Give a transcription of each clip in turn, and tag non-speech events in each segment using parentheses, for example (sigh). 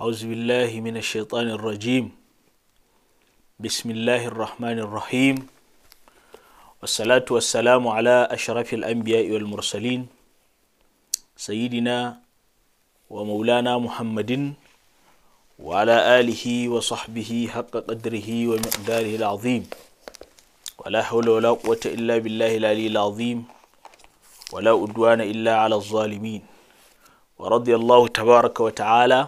أعوذ بالله من الشيطان الرجيم بسم الله الرحمن الرحيم والصلاة والسلام على أشرف الأنبياء والمرسلين سيدنا ومولانا محمد وعلى آله وصحبه حق قدره ومقداره العظيم ولا حول ولا قوة إلا بالله العلي العظيم ولا أدوان إلا على الظالمين ورضي الله تبارك وتعالى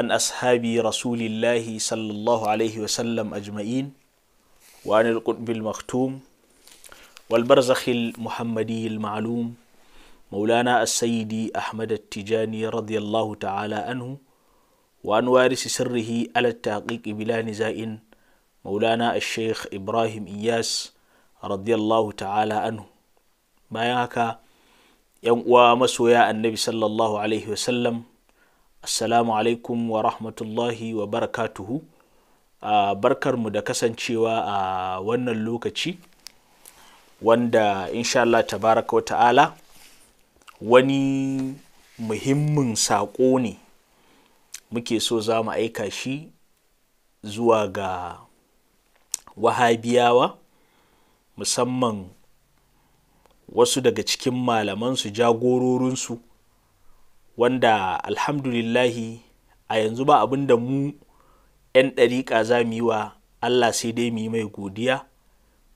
عن أصحاب رسول الله صلى الله عليه وسلم أجمعين وعن القطب المختوم والبرزخ المحمدي المعلوم مولانا السيد أحمد التجاني رضي الله تعالى عنه وعن وارث سره على التحقيق بلا نزاع مولانا الشيخ إبراهيم إياس رضي الله تعالى عنه bayan haka yan uwa masoya annabi sallallahu alaihi assalamu alaikum wa rahmatullahi wa barakatuhu a barkarmu da kasancewa a wannan lokaci wanda insha Allah tabaraka wa ta'ala wani muhimmin saƙo ne muke so za mu aika shi zuwa ga wahabiyawa musamman wasu daga cikin malamansu jagororinsu wanda alhamdulillahi a yanzu ba abin da mu 'yan ɗariƙa za mu yi wa Allah sai dai mu yi mai godiya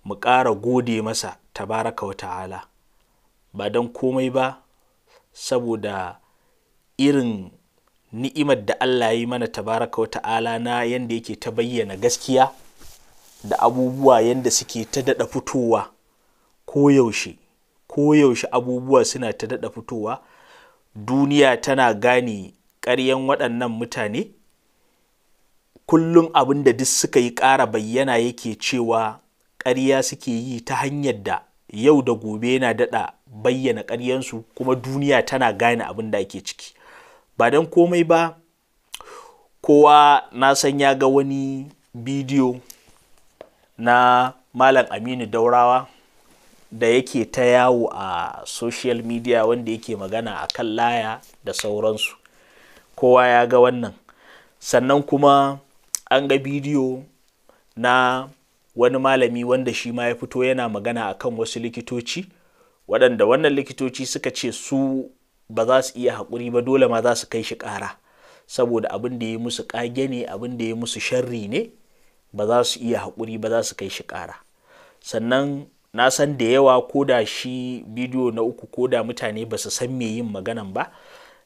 mu ƙara gode masa tabaraka wa ta'ala ba don komai ba saboda irin ni'imar da Allah ya yi mana tabaraka wa ta'ala na yanda yake ta bayyana gaskiya da abubuwa yadda suke ta daɗa fitowa koyaushe koyaushe abubuwa suna ta daɗa fitowa duniya tana gane ƙaryan waɗannan mutane kullum abin da duk suka yi ƙara bayyana yake cewa ƙarya suke yi ta hanyar da yau da gobe yana daɗa bayyana ƙaryansu kuma duniya tana gane abin da ake ciki ba don komai ba kowa na san ya ga wani bidiyo na malam aminu daurawa da yake ta yawo a social media wanda yake magana a kan laya da sauransu kowa ya ga wannan sannan kuma an ga bidiyo na wani malami wanda shi ma ya fito yana magana a kan wasu likitoci waɗanda wannan likitoci suka ce su ba za su iya haƙuri ba dole ma za su kai shi ƙara saboda abin da ya musu ƙage ne abin da ya musu sharri ne ba za su iya haƙuri ba za su kai shi ƙara sannan na san da yawa ko da shi bidiyo na uku ko da mutane ba su san me yin maganan ba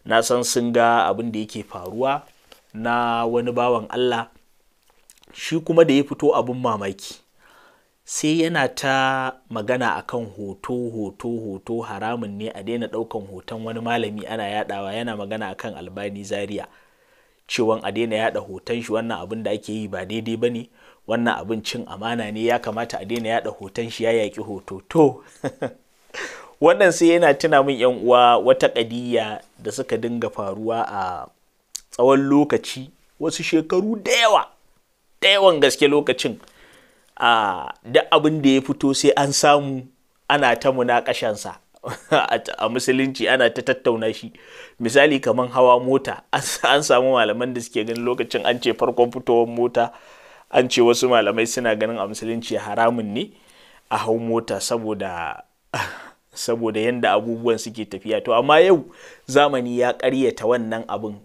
na san sun ga abin da yake faruwa na wani bawan Allah shi kuma da ya fito abin mamaki sai yana ta magana akan hoto hoto hoto haramun ne a daina daukan hoton wani malami ana yadawa yana magana akan albani zaria cewan a daina yada hoton shi wannan abin da ake yi ba daidai ba ne wannan abincin amana ne ya kamata a daina yada hoton shi ya yaƙi hoto to (laughs) wannan sai yana tuna min yan uwa wata ƙadiyya da suka dinga faruwa a tsawon lokaci wasu shekaru da yawa da yawan gaske lokacin a duk abin da ya fito sai an samu ana ta munakashansa (laughs) a musulunci ana ta tattauna shi misali kamar hawa mota (laughs) an samu malaman da suke ganin lokacin an ce farkon fitowar mota an ce wasu malamai suna ganin a musulunci haramun ne a hau mota saboda (laughs) saboda yadda abubuwan suke tafiya to amma yau zamani ya ƙaryata wannan abin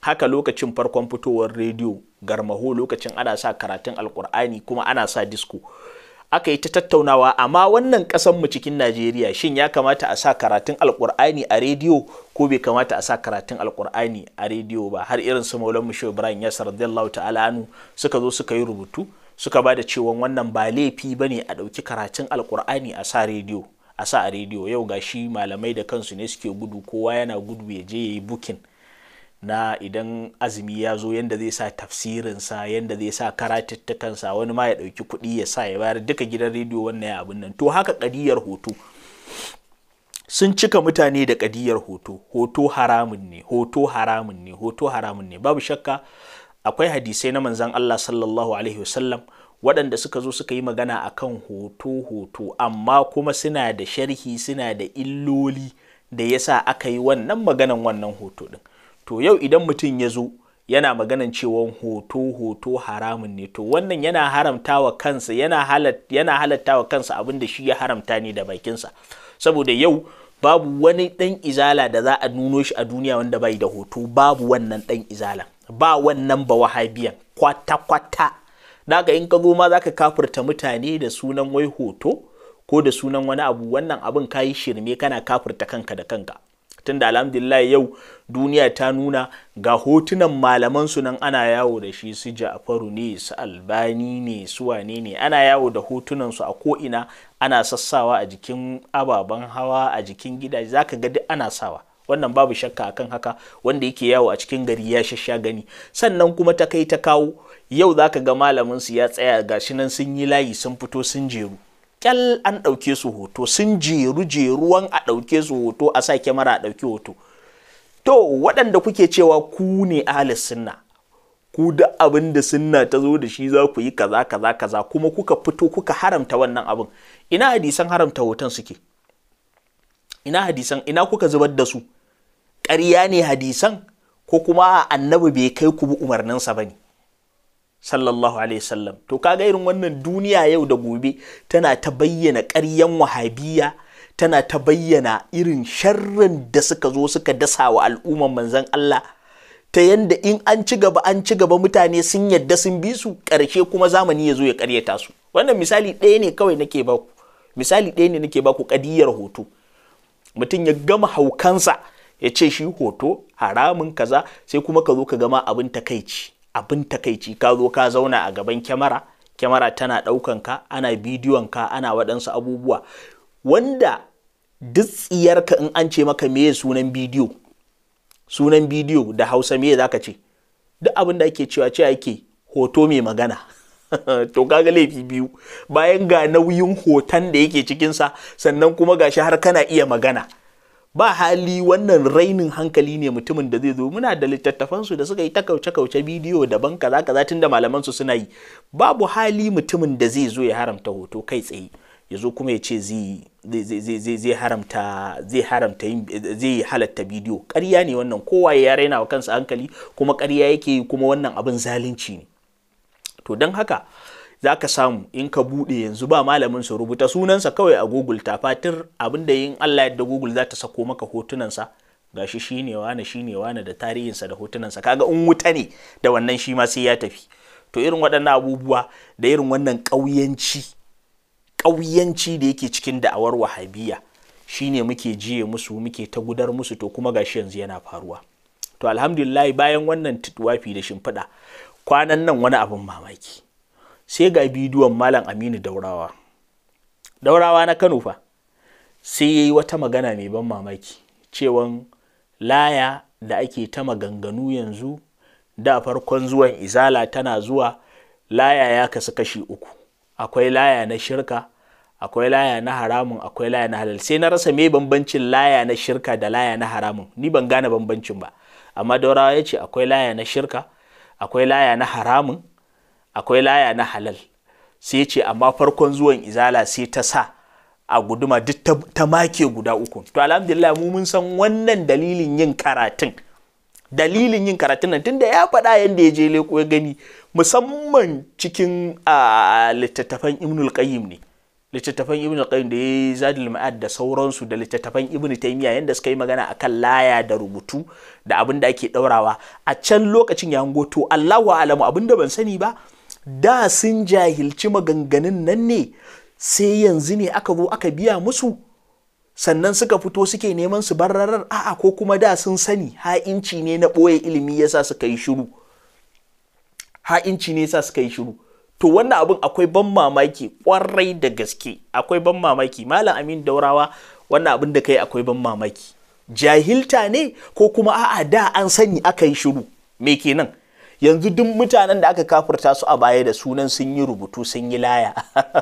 haka lokacin farkon fitowar rediyo garmaho lokacin ana sa karatun alkur'ani kuma ana sa disko aka yi ta tattaunawa amma wannan ƙasanmu cikin Najeriya shin ya kamata a sa karatun al'kur'ani a rediyo ko bai kamata a sa karatun al'kur'ani a rediyo ba har irin su Maulan Musho Ibrahim Yasar radiyallahu ta'ala anu suka zo suka yi rubutu suka ba da cewa wannan ba laifi bane a ɗauki karatun al'kur'ani a sa rediyo a sa a rediyo yau gashi malamai da kansu ne suke gudu kowa yana gudu ya je yayi yi bukin na idan azumi ya zo yadda zai sa tafsirinsa yadda zai sa karatuttukansa wani ma ya ɗauki kuɗi ya sa ya bayar duka gidan rediyo wannan ya abin nan to haka ƙadiyar hoto sun cika mutane da ƙadiyar hoto hoto haramun ne hoto haramun ne hoto haramun ne babu shakka akwai hadisai na manzan Allah sallallahu alaihi wasallam waɗanda suka zo suka yi magana akan hoto hoto amma kuma suna da sharhi suna da illoli da yasa aka yi wannan maganan wannan hoto ɗin. to yau idan mutum ya zo yana maganan cewa hoto hoto haramun ne to wannan yana haramta wa kansa yana halatta wa kansa abin da shi ya haramta ne da bakinsa saboda yau babu wani ɗan izala da za a nuno shi a duniya wanda bai da hoto babu wannan ɗan izala ba wannan ba wahabiyan kwata kwata daga in ka zo ma ka kafurta mutane da sunan wai hoto ko da sunan wani abu wannan abin ka yi shirme kana kafurta kanka da kanka tunda alhamdulillah yau duniya ta nuna ga hotunan malaman su nan ana yawo da shi su Ja'faru ne su Albani ne su wane ne ana yawo da hotunan su a ko ina ana sassawa a jikin ababen hawa a jikin gidaje zaka ga duk ana sawa wannan babu shakka akan haka wanda yake yawo a cikin gari ya shasha gani sannan kuma ta kai ta kawo yau zaka ga malamin su ya tsaya gashi nan sun yi layi sun fito sun jeru kyal an ɗauke su hoto sun jeru jeruwan a ɗauke su hoto a sa kyamara a ɗauki hoto to waɗanda kuke cewa ku ne alis sunna ku da abin da sunna ta zo da shi za ku yi kaza kaza kaza kuma kuka fito kuka haramta wannan abin ina hadisan haramta hoton suke ina hadisan ina kuka zubar da su ƙarya ne hadisan ko kuma annabi bai kai ku bi umarninsa ba ne sallallahu alaihi sallam to kaga irin wannan duniya yau da gobe tana ta bayyana ƙaryan wahabiya tana ta bayyana irin sharrin da suka zo suka dasa wa al'umman manzon Allah ta yanda in an ci gaba an ci gaba mutane sun yadda sun bi su ƙarshe kuma zamani ya zo ya ƙaryata su wannan misali ɗaya ne kawai nake ku misali ɗaya ne nake baku ƙadiyar hoto mutum ya gama haukansa ya ce shi hoto haramun kaza sai kuma ka zo ka gama abin takaici abin takaici ka zo ka zauna a gaban kyamara kyamara tana ɗaukan ka ana bidiyon ka ana waɗansu abubuwa wanda duk ka in an ce maka meye sunan bidiyo sunan bidiyo da hausa meye zaka ce duk abin da ake cewa ce ake hoto mai magana (laughs) to kaga laifi biyu bayan ga nauyin hoton da yake cikinsa sannan kuma gashi har kana iya magana ba hali wannan rainin hankali ne mutumin da zai zo muna da littattafansu da suka yi ta kauce kauce bidiyo daban kaza kaza tun da malaman su suna yi babu hali mutumin da zai zo ya haramta hoto kai tsaye ya zo kuma ya ce zai haramta zai haramta zai halatta bidiyo ƙarya ne wannan kowa ya raina wa kansa hankali kuma ƙarya yake kuma wannan abin zalunci ne to don haka za ka samu in ka buɗe yanzu ba malamin su rubuta sunansa kawai a google ta fatir abinda yin allah yadda google za ta sako maka hotunansa gashi shine wane shine wane da tarihinsa da hotunansa kaga in wuta ne da wannan shi ma sai ya tafi to irin waɗannan abubuwa da irin wannan ƙauyanci da yake cikin da'awar wahabiya shine muke jiye musu muke ta gudar musu to kuma gashi yanzu yana faruwa to alhamdulillah bayan wannan tuwafi da shimfiɗa kwanan nan wani abin mamaki sai ga bidiyon malam aminu daurawa daurawa na kano fa sai ya yi wata magana mai ban mamaki cewan laya da ake ta maganganu yanzu da farkon zuwan izala tana zuwa laya ya kasu kashi uku akwai laya na shirka akwai laya na haramun akwai laya na halal sai na rasa mai bambancin laya na shirka da laya na haramun ni ban gane bambancin ba amma daurawa ya ce akwai laya na shirka akwai laya na haramun akwai laya na halal sai ce amma farkon zuwan izala sai ta sa a guduma duk ta make guda uku to alhamdulillah mu mun san wannan dalilin yin karatun dalilin yin karatun nan tunda ya faɗa yadda ya je leko ya gani musamman cikin littattafan al qayyim ne littattafan al qayyim da ya zadul ma'ad da sauransu da littattafan Ibn taymiya yanda suka yi magana kan laya da rubutu da abin da ake ɗaurawa a can lokacin ya hango to Allahu a'lamu abin da ban sani ba da sun jahilci maganganun nan ne sai yanzu ne aka zo aka biya musu sannan suka fito suke neman su bararar a'a ko kuma da sun sani ha'inci ne na ɓoye ilimi ya sa suka yi shiru ha'inci ne sa suka yi shiru to wannan abin akwai ban mamaki kwarai da gaske akwai ban mamaki malam amin daurawa wannan abin da kai akwai ban mamaki jahilta ne ko kuma a'a da an sani aka yi shiru me kenan yanzu duk mutanen da aka kafurta su a baya da sunan sun yi rubutu sun yi laya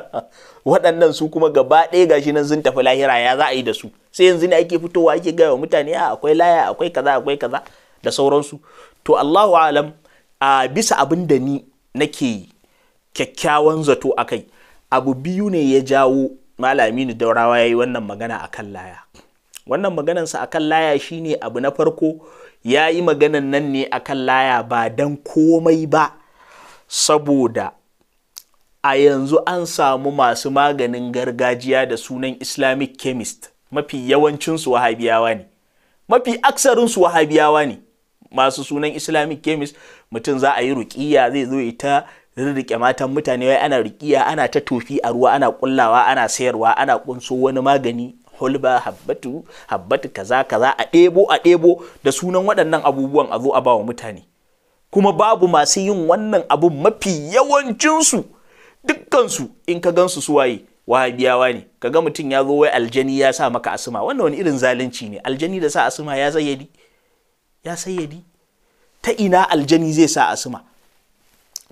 (laughs) waɗannan su kuma gaba ɗaya gashi nan sun tafi lahira ya za a yi da su sai yanzu ne ake fitowa ake gaya wa mutane a akwai laya akwai kaza akwai kaza da sauransu to Allahu alam a bisa abin da ni nake kyakkyawan zato akai abu biyu ne ya jawo malami ni daurawa yayi wannan magana akan laya wannan maganansa akan laya shine abu na farko ya yi maganan nan ne a kan laya ba don komai ba saboda a yanzu an samu masu maganin gargajiya da sunan islamic chemist mafi yawancinsu wahabiyawa ne mafi aksarinsu wahabiyawa ne masu sunan islamic chemist mutum za a yi rukiya zai zo yi ta rirrike matan mutane wai ana rukiya ana ta tofi a ruwa ana kullawa ana sayarwa ana kunso wani magani hulba habbatu habbatu kaza kaza a ɗebo a ɗebo da sunan waɗannan abubuwan a zo a bawa mutane kuma babu masu yin wannan abu mafi yawancinsu dukkansu in ka gansu su waye wahabiyawa ne ga mutum ya zo wai aljani ya sa maka asuma wannan wani irin zalunci ne aljani da sa asuma ya ya sayyadi ta ina aljani zai sa asuma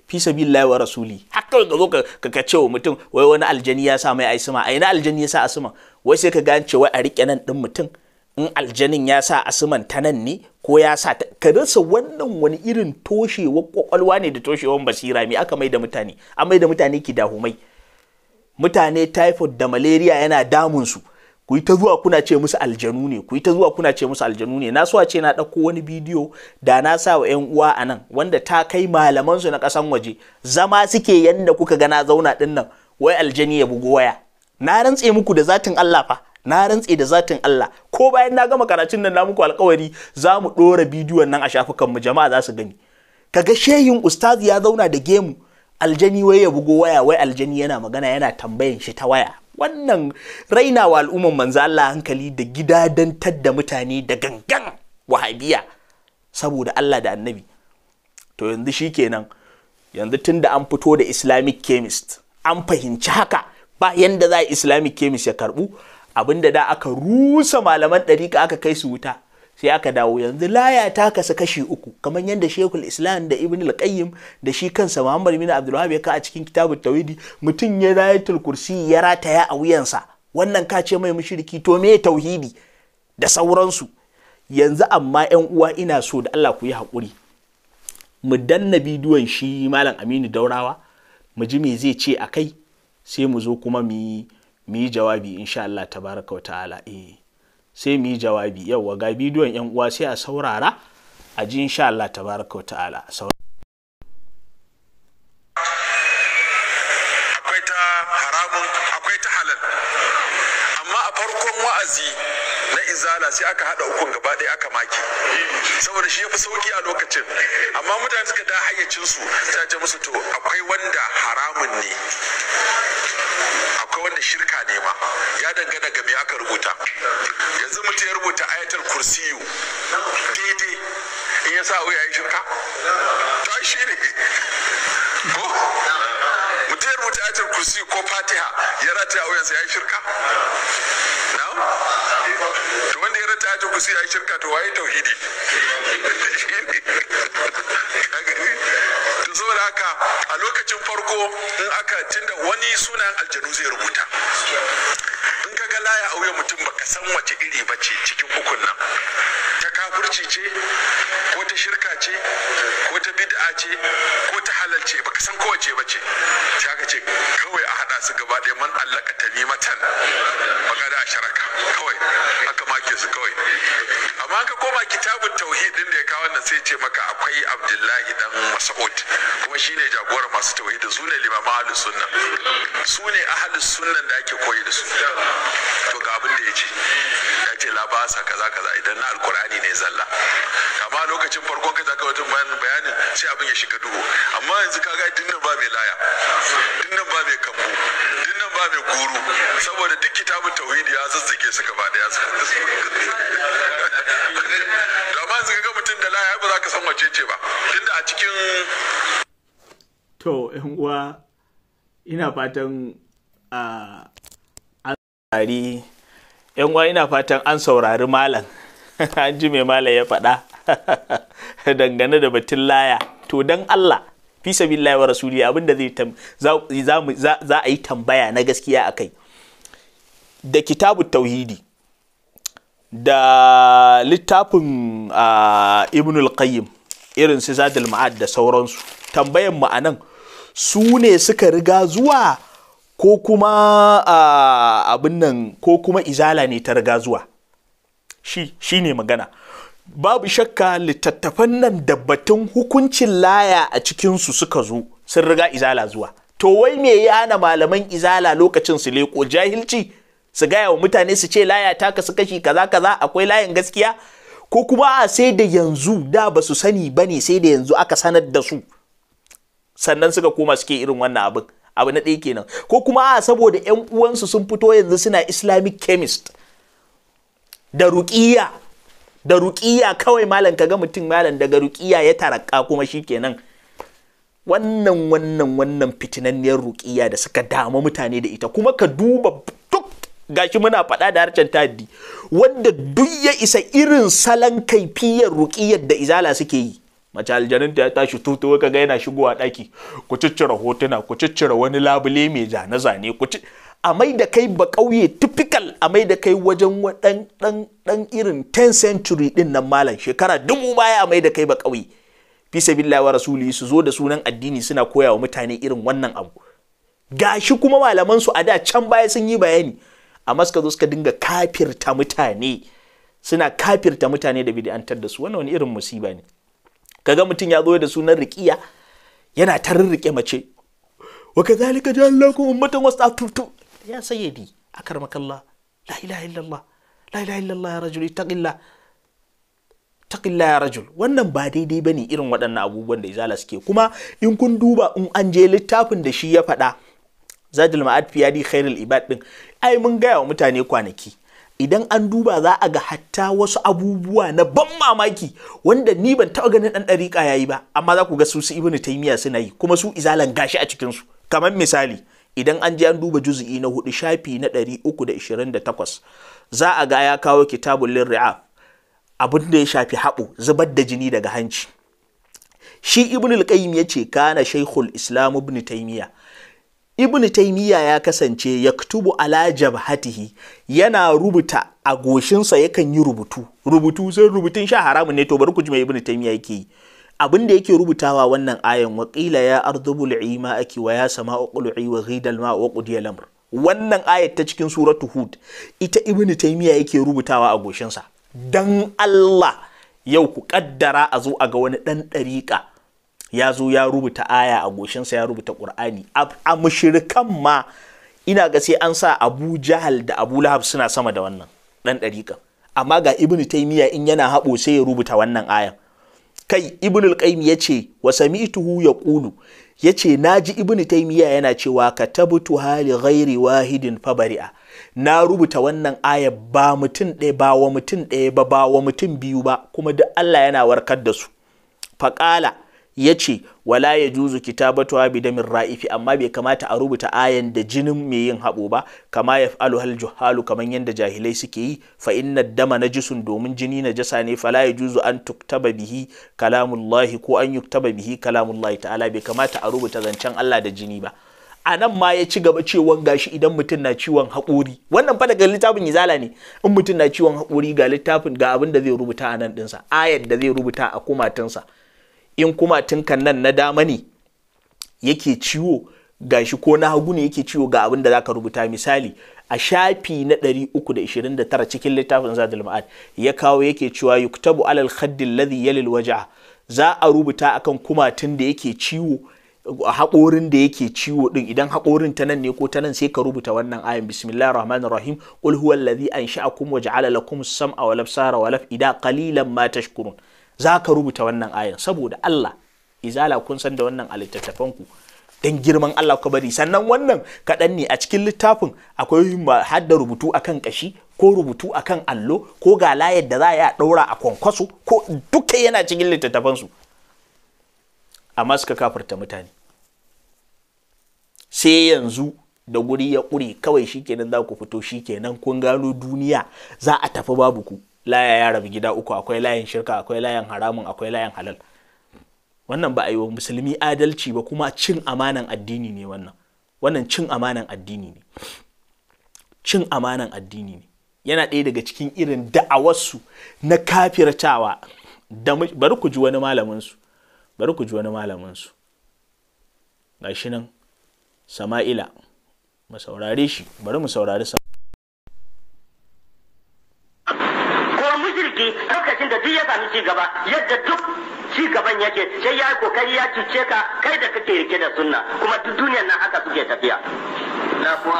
fi sabilillahi wa rasuli haka ka zo ka ka ce wa mutum wai wani aljani ya sa mai asima ai na aljani ya sa asima wai sai ka gane cewa a rike nan din mutum in aljanin ya sa asiman ta nan ne ko ya sa ka rasa wannan wani irin toshewa kwakwalwa ne da toshewan basira me aka mai da mutane an mai da mutane ki humai mutane typhoid da malaria yana damun su ku ta zuwa kuna ce musu aljanu ne ku ta zuwa kuna ce musu aljanu ne na so ce na ɗauko wani bidiyo da na sa wa 'yan uwa a nan wanda ta kai malaman su na kasan waje zama suke yanda kuka ga na zauna ɗin wai aljani ya bugo waya na rantse muku da zatin Allah fa na rantse da zatin Allah ko bayan na gama karatun nan na muku alƙawari za mu ɗora bidiyon nan a shafukanmu jama'a za su gani kaga shehin ustazi ya zauna da gemu aljani wai ya bugo waya wai aljani yana magana yana tambayan shi ta waya wannan raina wa al'umman manzo Allah hankali da gida tar da mutane da gangan wahabiya saboda Allah da annabi to yanzu shikenan yanzu tunda an fito da islamic chemist an fahimci haka ba yanda za islamic chemist ya karbu abinda da aka rusa malaman ɗariƙa aka kai su wuta sai aka dawo yanzu laya ta kasu kashi uku kamar yadda shekul islam da ibn al da shi kansa muhammad bin abdullahi ya ka a cikin kitabut tawhidi mutum ya zai tulkursi ya rataya a wuyansa wannan ka ce mai mushriki to me tauhidi da sauransu yanzu amma yan uwa ina so da Allah ku yi haƙuri mu danna bidiyon shi malam Aminu Daurawa mu ji me zai ce a kai sai mu zo kuma mu yi jawabi insha Allah tabaraka wa ta'ala eh sai mu yi jawabi yauwa ga bidiyon yan uwa sai a saurara a ji insha Allah tabaraka ta'ala akwai ta haramun akwai ta halal amma a farkon wa'azi na izala sai aka haɗa ukun gaba ɗaya aka maki saboda shi ya fi sauki a lokacin amma mutane suka da hayyacinsu ta ce musu to akwai wanda haramun ne akwai wanda shirka ne ma ya dangana ga me aka rubuta yanzu mutum ya rubuta ayatul kursiyu daidai in ya sa wuya ya shirka to shi ne ya rubuta ayatul kursi ko fatiha ya rata a wuyansa ya yi shirka na to wanda ya rata ayatul kursi ya yi shirka to waye tauhidi to da haka a lokacin farko in aka tunda wani sunan aljanu zai rubuta in ka ga laya a wuyan mutum baka san wace iri ba ce cikin ukun nan kafurci ce ko ta shirka ce ko ta bid'a ce ko ta halal ce baka san kowace ba ce sai aka ce kawai a hada su gaba ɗaya man allaka tamimatan baka da sharaka kawai aka make su kawai amma ka koma kitabun tauhid din da ya kawo nan sai ce maka akwai abdullahi dan mas'ud kuma shine jagoran masu tauhid su ne limama ahlus sunna su ne ahlus sunnan da ake koyi da su to ga abin da ya ce ce labasa kaza kaza idan na alkur'ani ne zalla amma lokacin farkon ka zaka wajen bayan bayanin sai abin ya shiga duhu amma yanzu ga dinnan ba mai laya dinnan ba mai kambu dinnan ba mai guru saboda duk kitabun tauhidi ya zazzage su gaba daya da ba yanzu ga mutum da laya ba za ka san wace ce ba tunda a cikin to yan uwa ina fatan ah, a tsari yan uwa ina fatan an saurari malam (laughs) an ji mai malam ya faɗa (laughs) dangane da batun laya to dan Allah fi sabilillahi wa rasuli abin da za a yi tambaya na gaskiya a kai. da kitabu tauhidi da littafin ibn al-qayyim irin su zadul ma'ad da sauransu tambayan mu anan su ne suka riga zuwa ko kuma abin nan ko kuma izala ne ta riga zuwa shi shi ne magana babu shakka littattafan nan da batun hukuncin laya a cikinsu suka zo sun riga izala zuwa to wai me ya ana malaman izala lokacin su leko jahilci su gaya wa mutane su ce laya ta kasu kashi kaza kaza akwai layin gaskiya ko kuma a sai da yanzu da ba su sani ba ne sai da yanzu aka sanar da su sannan suka koma suke irin wannan abin abu na ɗaya kenan ko kuma a saboda yan uwansu sun fito yanzu suna islamic chemist da ruƙiya da ruƙiya kawai malam ka kaga mutum malam daga ruƙiya ya taraka kuma shi kenan wannan wannan wannan fitinanniyar ruƙiya da suka dama mutane da ita kuma ka duba duk gashi muna faɗa da harshen tadi wanda duk ya isa irin salon kaifiyar ruƙiyar da izala suke yi mace aljaninta ya tashi tuto ka ga yana shigowa daki ku ciccire hotuna ku ciccire wani labule mai zane zane ku ci a mai da kai ba kauye typical a mai da kai wajen wadan dan dan irin 10th century din nan malam shekara dubu baya a mai da kai ba kauye fi sabilillahi wa rasuli su zo da sunan addini suna koya wa mutane irin wannan abu gashi kuma malaman su a da can baya sun yi bayani amma suka zo suka dinga kafirta mutane suna kafirta mutane da bid'antar da su wannan wani irin musiba ne kaga mutum ya zo da sunan riƙiya yana ta rirriƙe mace wa ka kadhalika ja'alnakum ummatan tutu. ya sayyidi akramakallah la ilaha illallah la ilaha illallah ya rajul ittaqillah taqilla ya rajul wannan ba daidai ba ne irin waɗannan abubuwan da izala suke kuma in kun duba in an je littafin da shi ya faɗa zajil ma'ad fiyadi khairul ibad din ai mun gaya wa mutane kwanaki idan an duba za a ga hatta wasu abubuwa na ban mamaki wanda ni ban taɓa ganin ɗan ɗariƙa ya yi ba amma za ku ga su su Ibn taimiya suna yi kuma su izalan gashi a cikinsu kamar misali idan an je an duba juzu'i na hudu shafi na ɗari uku da da ishirin takwas, za a ga ya kawo kitabun ri'a, abin da ya shafi haɓo zubar da jini daga hanci shi ibn al ya ce kana shaikhul islam ibn Taimiyya". ibn taimiyya ya kasance ya kutubu ala jabhatihi yana rubuta a goshinsa yakan yi rubutu rubutu sai rubutun sha haramun ne to bari ku ji mai ibn taimiyya yake yi abin da yake rubutawa wannan ayan waƙila ya ardubu al'ima aki wa ya sama uqlu'i wa ghidal ma wa qudiya lamr wannan ayat ta cikin suratu hud ita ibn taimiyya yake rubutawa a goshinsa dan Allah yau ku kaddara a zo a ga wani ɗan ɗariƙa ya zo ya rubuta aya a goshinsa ya rubuta ƙur'ani a mushirikan ma ina ga sai an sa abu jahal da abu lahab suna sama da wannan ɗan ɗariƙa amma ga ibnu taimiya in yana haɓo sai ya rubuta wannan aya. kai ibnul ya yace wa sami'tuhu ce yace naji ibnu taimiya yana cewa ka tabbatu hali ghairi wahidin fabari'a na rubuta wannan aya ba mutum ɗaya ba wa mutum ɗaya ba ba wa mutum biyu ba kuma duk Allah yana warkar da su Faƙala. ya ce wala ya juzu kitabatu da min ra'ifi amma bai kamata a rubuta ayan da jinin mai yin haɓo ba kama ya Alu hal juhalu kamar yadda jahilai suke yi fa inna dama na najisun domin jini na najasa ne fala ya juzu an tuktaba bihi kalamullahi ko an yuktaba bihi kalamullahi ta'ala bai kamata a rubuta zancen Allah da jini ba a nan ma ya ci gaba cewa gashi idan mutum na ciwon haƙori wannan fada ga littafin izala ne in mutum na ciwon haƙori ga littafin ga abin da zai rubuta a nan ɗinsa ayar da zai rubuta a kumatinsa in kuma kan nan na dama ne yake ciwo ga shi ko na hagu ne yake ciwo ga abin da zaka rubuta misali a shafi na 329 cikin littafin zadul ma'ad ya kawo yake cewa yuktabu alal khaddi alladhi yalil waja za a rubuta akan kumatun da yake ciwo haƙorin da yake ciwo din idan haƙorin ta nan ne ko ta nan sai ka rubuta wannan ayan bismillahir rahmanir rahim qul huwallazi ansha'akum wa ja'ala lakum as-sam'a wal absara walaf af'ida kalilan ma tashkurun za ka rubuta wannan ayan saboda Allah izala kun san da wannan a littattafanku dan girman Allah ka bari sannan wannan kaɗan ne a cikin littafin akwai hadda rubutu akan kashi ko rubutu akan allo ko ga layar da za a ɗaura a kwankwaso ko duka yana cikin littattafansu amma suka kafarta mutane sai yanzu da guri ya ƙure kawai shikenan za ku fito shi shikenan kun gano duniya za a tafi babu ku laya ya rabu gida uku akwai layin shirka akwai layin haramun akwai layin halal wannan ba a yi wa musulmi adalci ba kuma cin amanan addini ne wannan wannan cin amanan addini ne cin amanan addini ne yana ɗaya daga cikin irin da'awarsu na kafircawa da bari ku ji wani su bari ku ji wani malamin ga shi nan sama'ila mu saurare shi bari mu saurari lokacin da duk ya sami ci gaba yadda duk ci gaban yake sai ya yi kokari ya cuce ka kai da kake rike da sunna kuma duk duniyar nan haka suke tafiya ko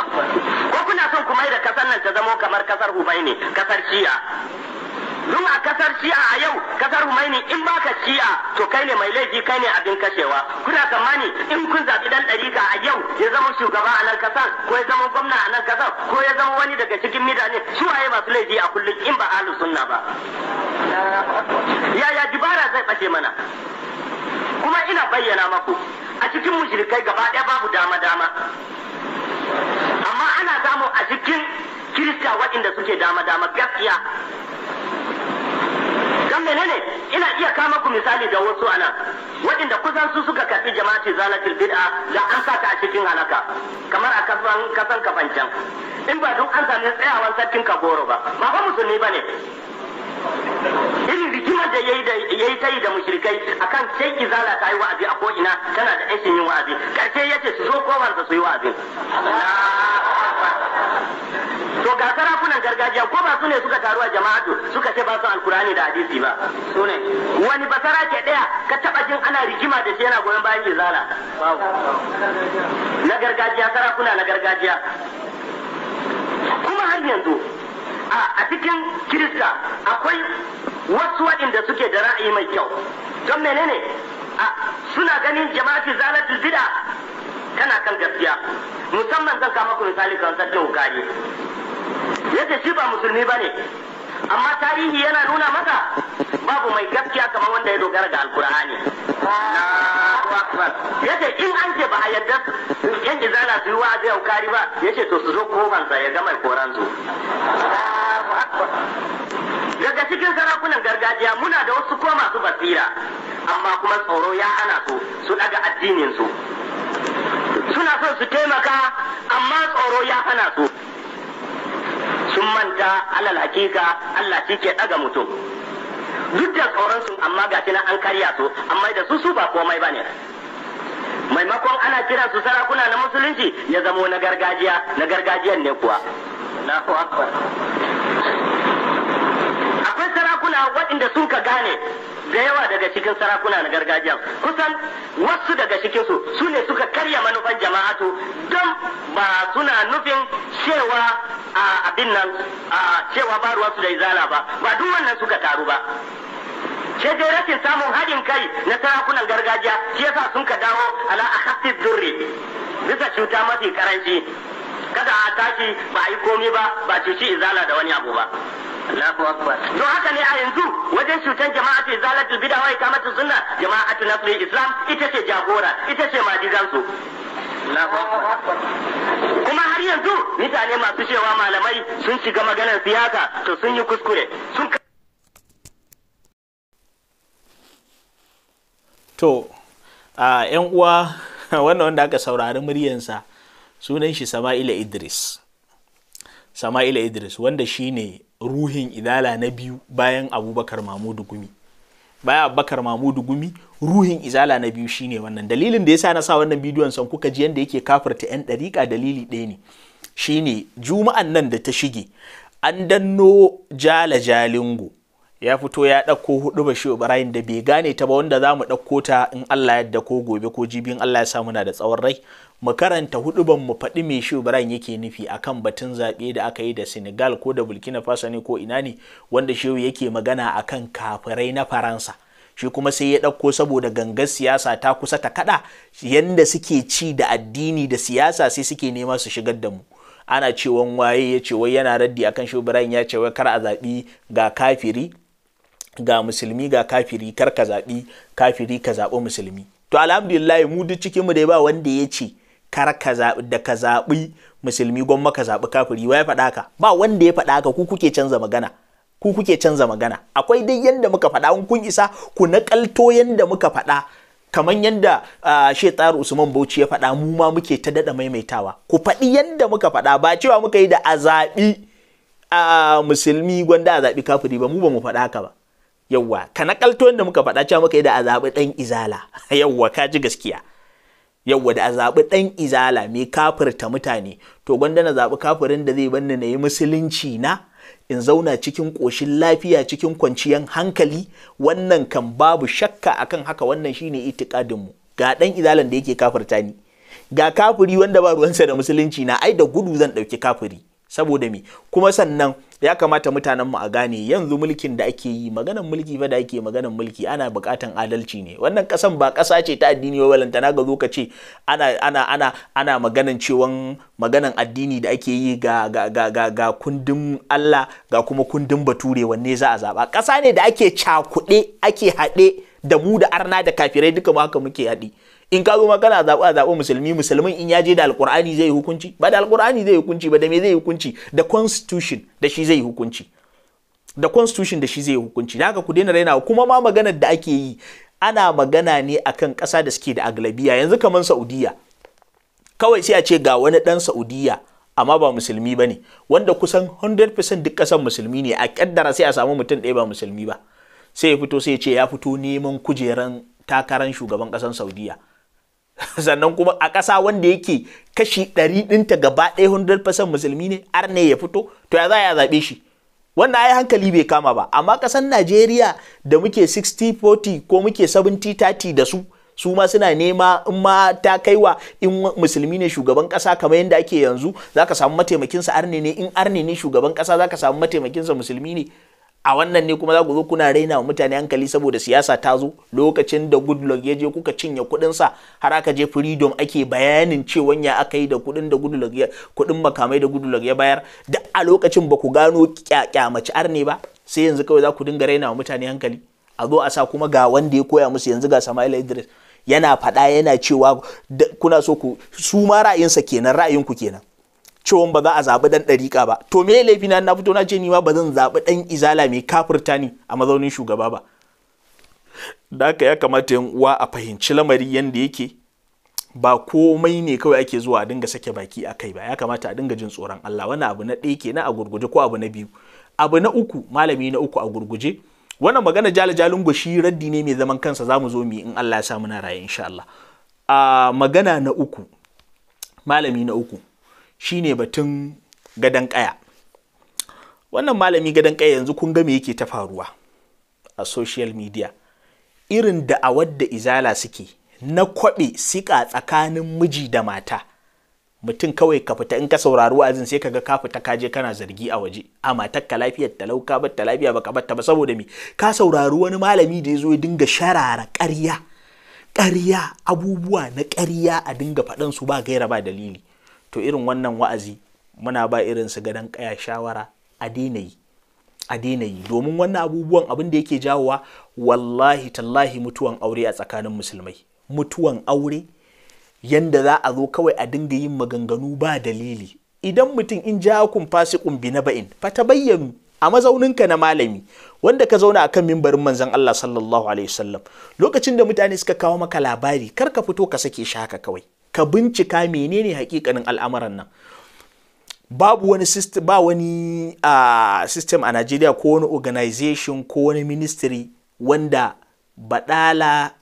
kuna son kuma da kasar nan ta zamo kamar kasar hubai ne kasar shi'a don a kasar shi'a a yau kasar Rumaini, in ba ka shi'a to kai ne mai laifi kai ne abin kashewa kuna tsammani in kun zaɓi dan ɗarika a yau ya zama shugaba a nan kasar ko ya zama gwamna a nan kasar ko ya zama wani daga cikin mutane su waye masu laifi a kullum in ba ahlus sunna ba yaya dibara zai ɓace mana kuma ina bayyana maku a cikin mushrikai gaba ɗaya babu dama dama amma ana samu a cikin kirista waɗanda suke dama dama gaskiya don menene ina iya kama ku misali da wasu anan waɗanda kusan su suka karɓi jama'ati zalatul bid'a da an saka a cikin halaka kamar a kasan kasan kafancan in ba don an sami tsayawan sarkin kaboro ba ba fa musulmi bane irin wa'azar da yayi ta yi da mushrikai akan sai izala ta yi wa'azi a ko'ina ina tana da ƴancin yin wa'azi karshe yace su zo kowansa su yi wa'azi to ga sarakunan gargajiya ko ba su ne suka taru a jama'atu suka ce ba su alkurani da hadisi ba su ne wani basara ke daya ka taba jin ana rigima da shi yana goyon bayan izala na gargajiya sarakuna na gargajiya kuma har yanzu a cikin kirista akwai wasu waɗanda suke da ra'ayi mai kyau don menene suna ganin jama'atu zalatu bid'a tana kan gaskiya musamman zan kama ku misali kan sattin hukari yace shi ba musulmi bane amma tarihi yana nuna maka babu mai gaskiya kamar wanda ya dogara ga alkur'ani yace in an ce ba a yadda yan izala su yi wa'azi hukari ba ya ce to su zo kofansa ya ga mai koransu daga cikin sarakunan gargajiya muna da wasu ko masu basira amma kuma tsoro ya hana su su daga addinin su suna son su taimaka amma tsoro ya hana su sun manta alal hakika Allah shi ke daga mutum duk da tsoron su amma ga na an karya su amma da su su ba komai bane maimakon ana kira su sarakuna na musulunci ya zamo na gargajiya na gargajiyan ne kuwa sarakuna waɗanda sun ka gane da yawa daga cikin sarakuna na gargajiya kusan wasu daga cikinsu su ne suka karya manufan jama'atu don ba suna nufin cewa a abin nan a cewa ba ruwansu da izala ba ba duk wannan suka taru ba Ke dai rashin samun haɗin kai na sarakunan gargajiya shi yasa sun ka dawo ala a durri bisa cuta mafi karanci kada a tashi ba a yi komai ba ba cuci izala da wani abu ba Allahu don haka ne a yanzu wajen cutan jama'atu izalatul bid'a wa ikamatu sunna ta nasrul islam ita ce jagora ita ce madigan su kuma har yanzu mutane masu cewa malamai sun shiga maganar siyasa to sun yi kuskure sun to a 'yan uwa (laughs) wannan wanda aka saurari muryansa sunan shi sama'ila idris sama'ila idris wanda shine ruhin izala na biyu bayan abubakar mamudu gumi bayan abubakar mamudu gumi ruhin izala na biyu shine wannan dalilin da yasa na sa wannan bidiyon san kuka ji yanda yake kafarta yan dariƙa dalili ɗaya ne shine juma'an nan da ta shige an danno jala jalingo ya fito ya ɗauko hudu ba shi Ibrahim da bai gane ta ba wanda za mu ɗauko ta in Allah ya yadda ko gobe ko jibin Allah ya sa muna da tsawon rai mu karanta huduban mu faɗi me shi Ibrahim yake nufi akan batun zaɓe da aka yi da Senegal ko da Burkina Faso ne ko ina ne wanda shehu yake magana akan kafirai na Faransa shi kuma sai ya ɗauko saboda gangar siyasa ta kusa ta kaɗa yanda suke ci da addini da siyasa sai suke nema su shigar da mu ana cewa waye ya ce wai yana raddi akan shi Ibrahim ya ce wai kar a zaɓi ga kafiri ga musulmi ga kafiri kar ka zaɓi kafiri ka zaɓi musulmi to alhamdulillah mu duk cikin mu da ba wanda ya ce kar ka zaɓi da ka zaɓi musulmi gwamma ka zaɓi kafiri wa ya faɗa ka ba wanda ya faɗa ka ku kuke canza magana ku kuke canza magana akwai dai yanda muka faɗa in kun isa ku naƙalto yanda muka faɗa kamar yadda uh, shetar usman bauchi ya faɗa mu ma muke ta daɗa maimaitawa ku faɗi yadda muka faɗa ba cewa muka yi da a zaɓi a musulmi gwanda a zaɓi kafiri ba mu ba mu faɗa ka ba yawwa ka naƙalto yadda muka faɗa cewa muka yi da a zaɓi ɗan izala (laughs) yawwa ka ji gaskiya yawwa da a zaɓi ɗan izala mai kafirta mutane to gwanda na zaɓi kafirin da zai banni na yi musulunci na in zauna cikin ƙoshin lafiya cikin kwanciyar hankali wannan kan babu shakka akan haka wannan shine itikadinmu ga ɗan izalan da yake kafirta ni ga kafiri wanda ba ruwansa da musulunci na ai da gudu zan ɗauki kafiri saboda me kuma sannan ya kamata mutanen mu a gane yanzu mulkin da ake yi maganan mulki ba da ake maganan mulki ana bukatan adalci ne wannan kasan ba kasa ce ta addini ba balanta na ga zo ka ce ana ana ana ana maganan cewan maganan addini da ake yi ga ga ga ga, ga kundin Allah ga kuma kundin bature wanne za a zaba kasa ne da ake cakuɗe ake haɗe da mu da arna da kafirai duka mu haka muke haɗi in ka zo ma kana zaɓi a zaɓi musulmi musulmin in ya je da alƙur'ani zai hukunci ba da alƙur'ani zai hukunci ba da me zai hukunci da constitution da shi zai hukunci da constitution da shi zai hukunci da haka ku daina rainawa kuma ma maganar da ake yi ana magana ne akan ƙasa da suke da aglabiya yanzu kamar saudiya kawai sai a ce ga wani ɗan saudiya amma ba musulmi ba ne wanda kusan 100% duk ƙasar musulmi ne a ƙaddara sai a samu mutum ɗaya ba musulmi ba sai ya fito sai ya ce ya fito neman kujeran takaran shugaban ƙasar saudiya (laughs) sannan kuma a ƙasa wanda yake kashi ɗari ɗinta gaba ɗaya hundred musulmi ne ar ne ya fito to ya za a zaɓe shi wannan ai hankali bai kama ba amma ƙasar najeriya da muke 60-40 ko muke 70-30 da su su ma suna nema in ma ta kaiwa in musulmi ne shugaban ƙasa kamar yadda ake yanzu za ka samu mataimakinsa arne ne in arne ne shugaban kasa ka samu mataimakinsa musulmi ne a wannan ne kuma za ku zo kuna raina wa mutane hankali saboda siyasa ta zo lokacin da goodluck ya je kuka cinye sa har aka je freedom ake bayanin cewa ya aka yi da kudin da goodluck ya kudin makamai da goodluck ya bayar da a lokacin ba ku gano kyamaci ar ne ba sai yanzu kawai za ku dinga raina wa mutane hankali a zo a sa kuma ga wanda ya koya musu yanzu ga Sama'il Idris yana faɗa yana cewa kuna so ku su ma ra'ayinsa kenan ra'ayinku kenan cewon ba za a zaɓi ɗan ɗariƙa ba to me laifi na na fito na ce ni ma ba zan zaɓi ɗan izala mai kafirta ni a mazaunin shugaba ba da ya kamata yan uwa a fahimci lamari yadda yake ba komai ne kawai ake zuwa a dinga sake baki a kai ba ya kamata a dinga jin tsoron Allah wani abu na ɗaya kenan a gurguje ko abu na biyu abu na uku malami na uku a gurguje wannan magana jala jalin gwashi raddi ne mai zaman kansa za mu zo mu yi in Allah ya sa muna raye insha Allah a ah, magana na uku malami na uku shine batun gadon kaya wannan malami gadon kaya yanzu kun ga me yake ta faruwa a social media irin da a wadda izala suke na kwaɓe siƙa tsakanin miji da mata mutum kawai ka fita in ka saurari wa'azin sai ka ga ka fita ka je kana zargi a waje a matarka lafiyar talauka ba ta lafiya ba ka batta ba saboda me ka saurari wani malami da ya zo ya dinga sharara ƙarya ƙarya abubuwa na ƙarya a dinga faɗan su ba gaira ba dalili to irin wannan wa'azi muna ba irin su gadon kaya shawara a dinayi a dinayi domin wannan abubuwan abin da yake jawowa wallahi tallahi mutuwan aure a tsakanin musulmai mutuwan aure yanda za a zo kawai a dinga yin maganganu ba dalili idan mutum in ja kun fasikun bi na ba'in fa ta bayyanu a mazauninka na malami wanda ka zauna akan mimbarin manzon Allah sallallahu alaihi wasallam lokacin da mutane suka kawo maka labari kar ka fito ka sake shaka kawai ka bincika menene hakikanin al'amuran nan babu wani system ba wani uh, system a Najeriya ko wani organization ko wani ministry wanda badala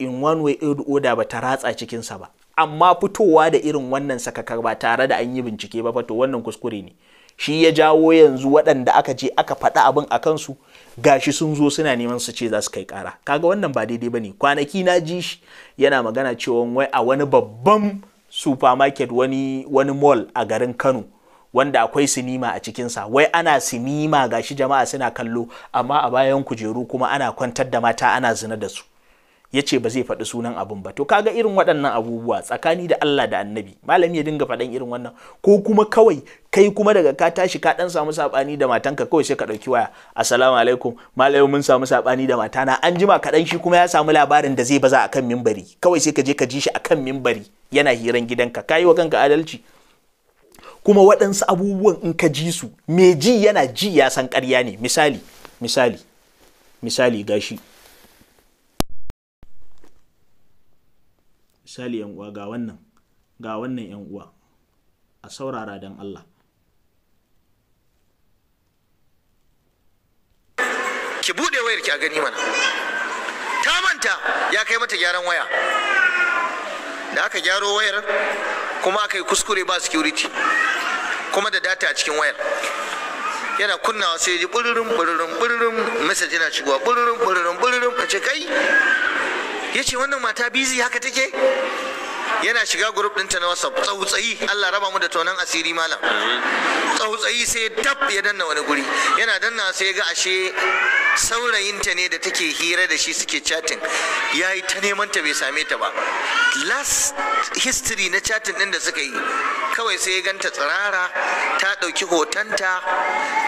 in one way order ba ta ratsa cikinsa ba amma fitowa da irin wannan sakakar ba tare da an yi bincike ba fato wannan kuskure ne shi ya jawo yanzu waɗanda aka je aka faɗa abin a kansu gashi sun zo suna neman su ce za su kai kara kaga wannan ba daidai bane kwanaki na ji shi yana magana cewa wai a wani babban supermarket wani wani mall a garin Kano wanda akwai sinima a cikin sa wai ana sinima gashi jama'a suna kallo amma a bayan kujeru kuma ana kwantar da mata ana zina da su ya ce ba zai faɗi sunan abin ba to kaga irin waɗannan abubuwa tsakani da Allah da annabi malami ya dinga faɗan irin wannan ko kuma kawai kai kuma daga ka tashi ka ɗan samu saɓani da matanka kawai sai ka ɗauki waya assalamu alaikum malami mun samu saɓani da matana an jima kaɗan shi kuma ya samu labarin da zai baza akan mimbari kawai sai ka je ka ji shi akan mimbari yana hiran gidanka kayi wa kanka adalci kuma waɗansu abubuwan in ka ji su me ji yana ji ya san ƙarya ne misali misali misali gashi misali yan uwa ga wannan ga wannan yan uwa a saurara don Allah ki buɗe wayar ki a gani mana ta manta ya kai mata gyaran waya da aka gyaro wayar kuma aka yi kuskure ba security kuma da data a cikin wayar yana kunnawa sai ya ji bururum bururum bururum message yana shigowa bururum bururum bururum ka ce kai ya ce wannan mata bizi haka take yana shiga group ɗinta na whatsapp tsautsayi Allah raba mu da tonan asiri malam tsautsayi sai dab ya danna wani guri yana danna sai ga ashe saurayinta ne da take hira da shi suke chatting Yayi ta neman ta bai same ta ba last history na chatting ɗin da suka yi kawai sai ya ganta tsirara ta ɗauki hotonta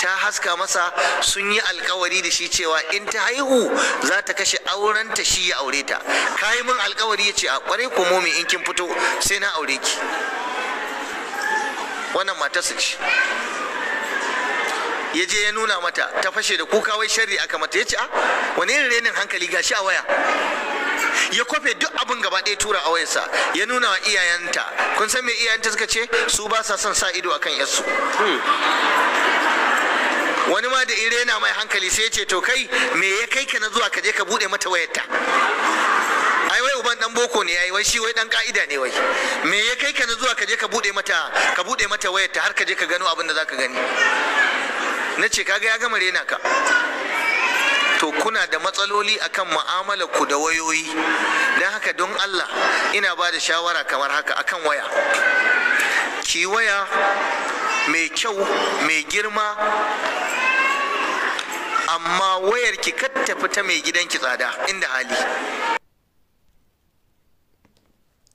ta haska masa sun yi alkawari da shi cewa in ta haihu za ta kashe aurenta shi ya aure ta kayi min alkawari ya ce a kwarai ko momi in kin fito yau sai na aure ki wannan mata su ci. ya je ya nuna mata ta fashe da kuka wai sharri aka mata ya ce a ah, wani irin renin hankali gashi a waya ya kwafe duk abin gaba ɗaya tura a wayarsa ya nuna wa iyayenta kun san me iyayenta suka ce su ba sa son sa ido akan yarsu wani ma da irena mai hankali sai ya ce to kai me ya kai ka na zuwa ka je ka buɗe mata wayarta ai wai uban dan boko ne yayi wai shi wai dan ka'ida ne wai me ya kai ka na zuwa ka je ka bude mata ka bude mata wayar ta har ka je ka gano abin da zaka gani na ce kaga ya gama rena ka to kuna da matsaloli akan mu'amalar ku da wayoyi don haka don Allah ina ba da shawara kamar haka akan waya ki waya mai kyau mai girma amma wayar ki katta fita mai gidanki tsada inda hali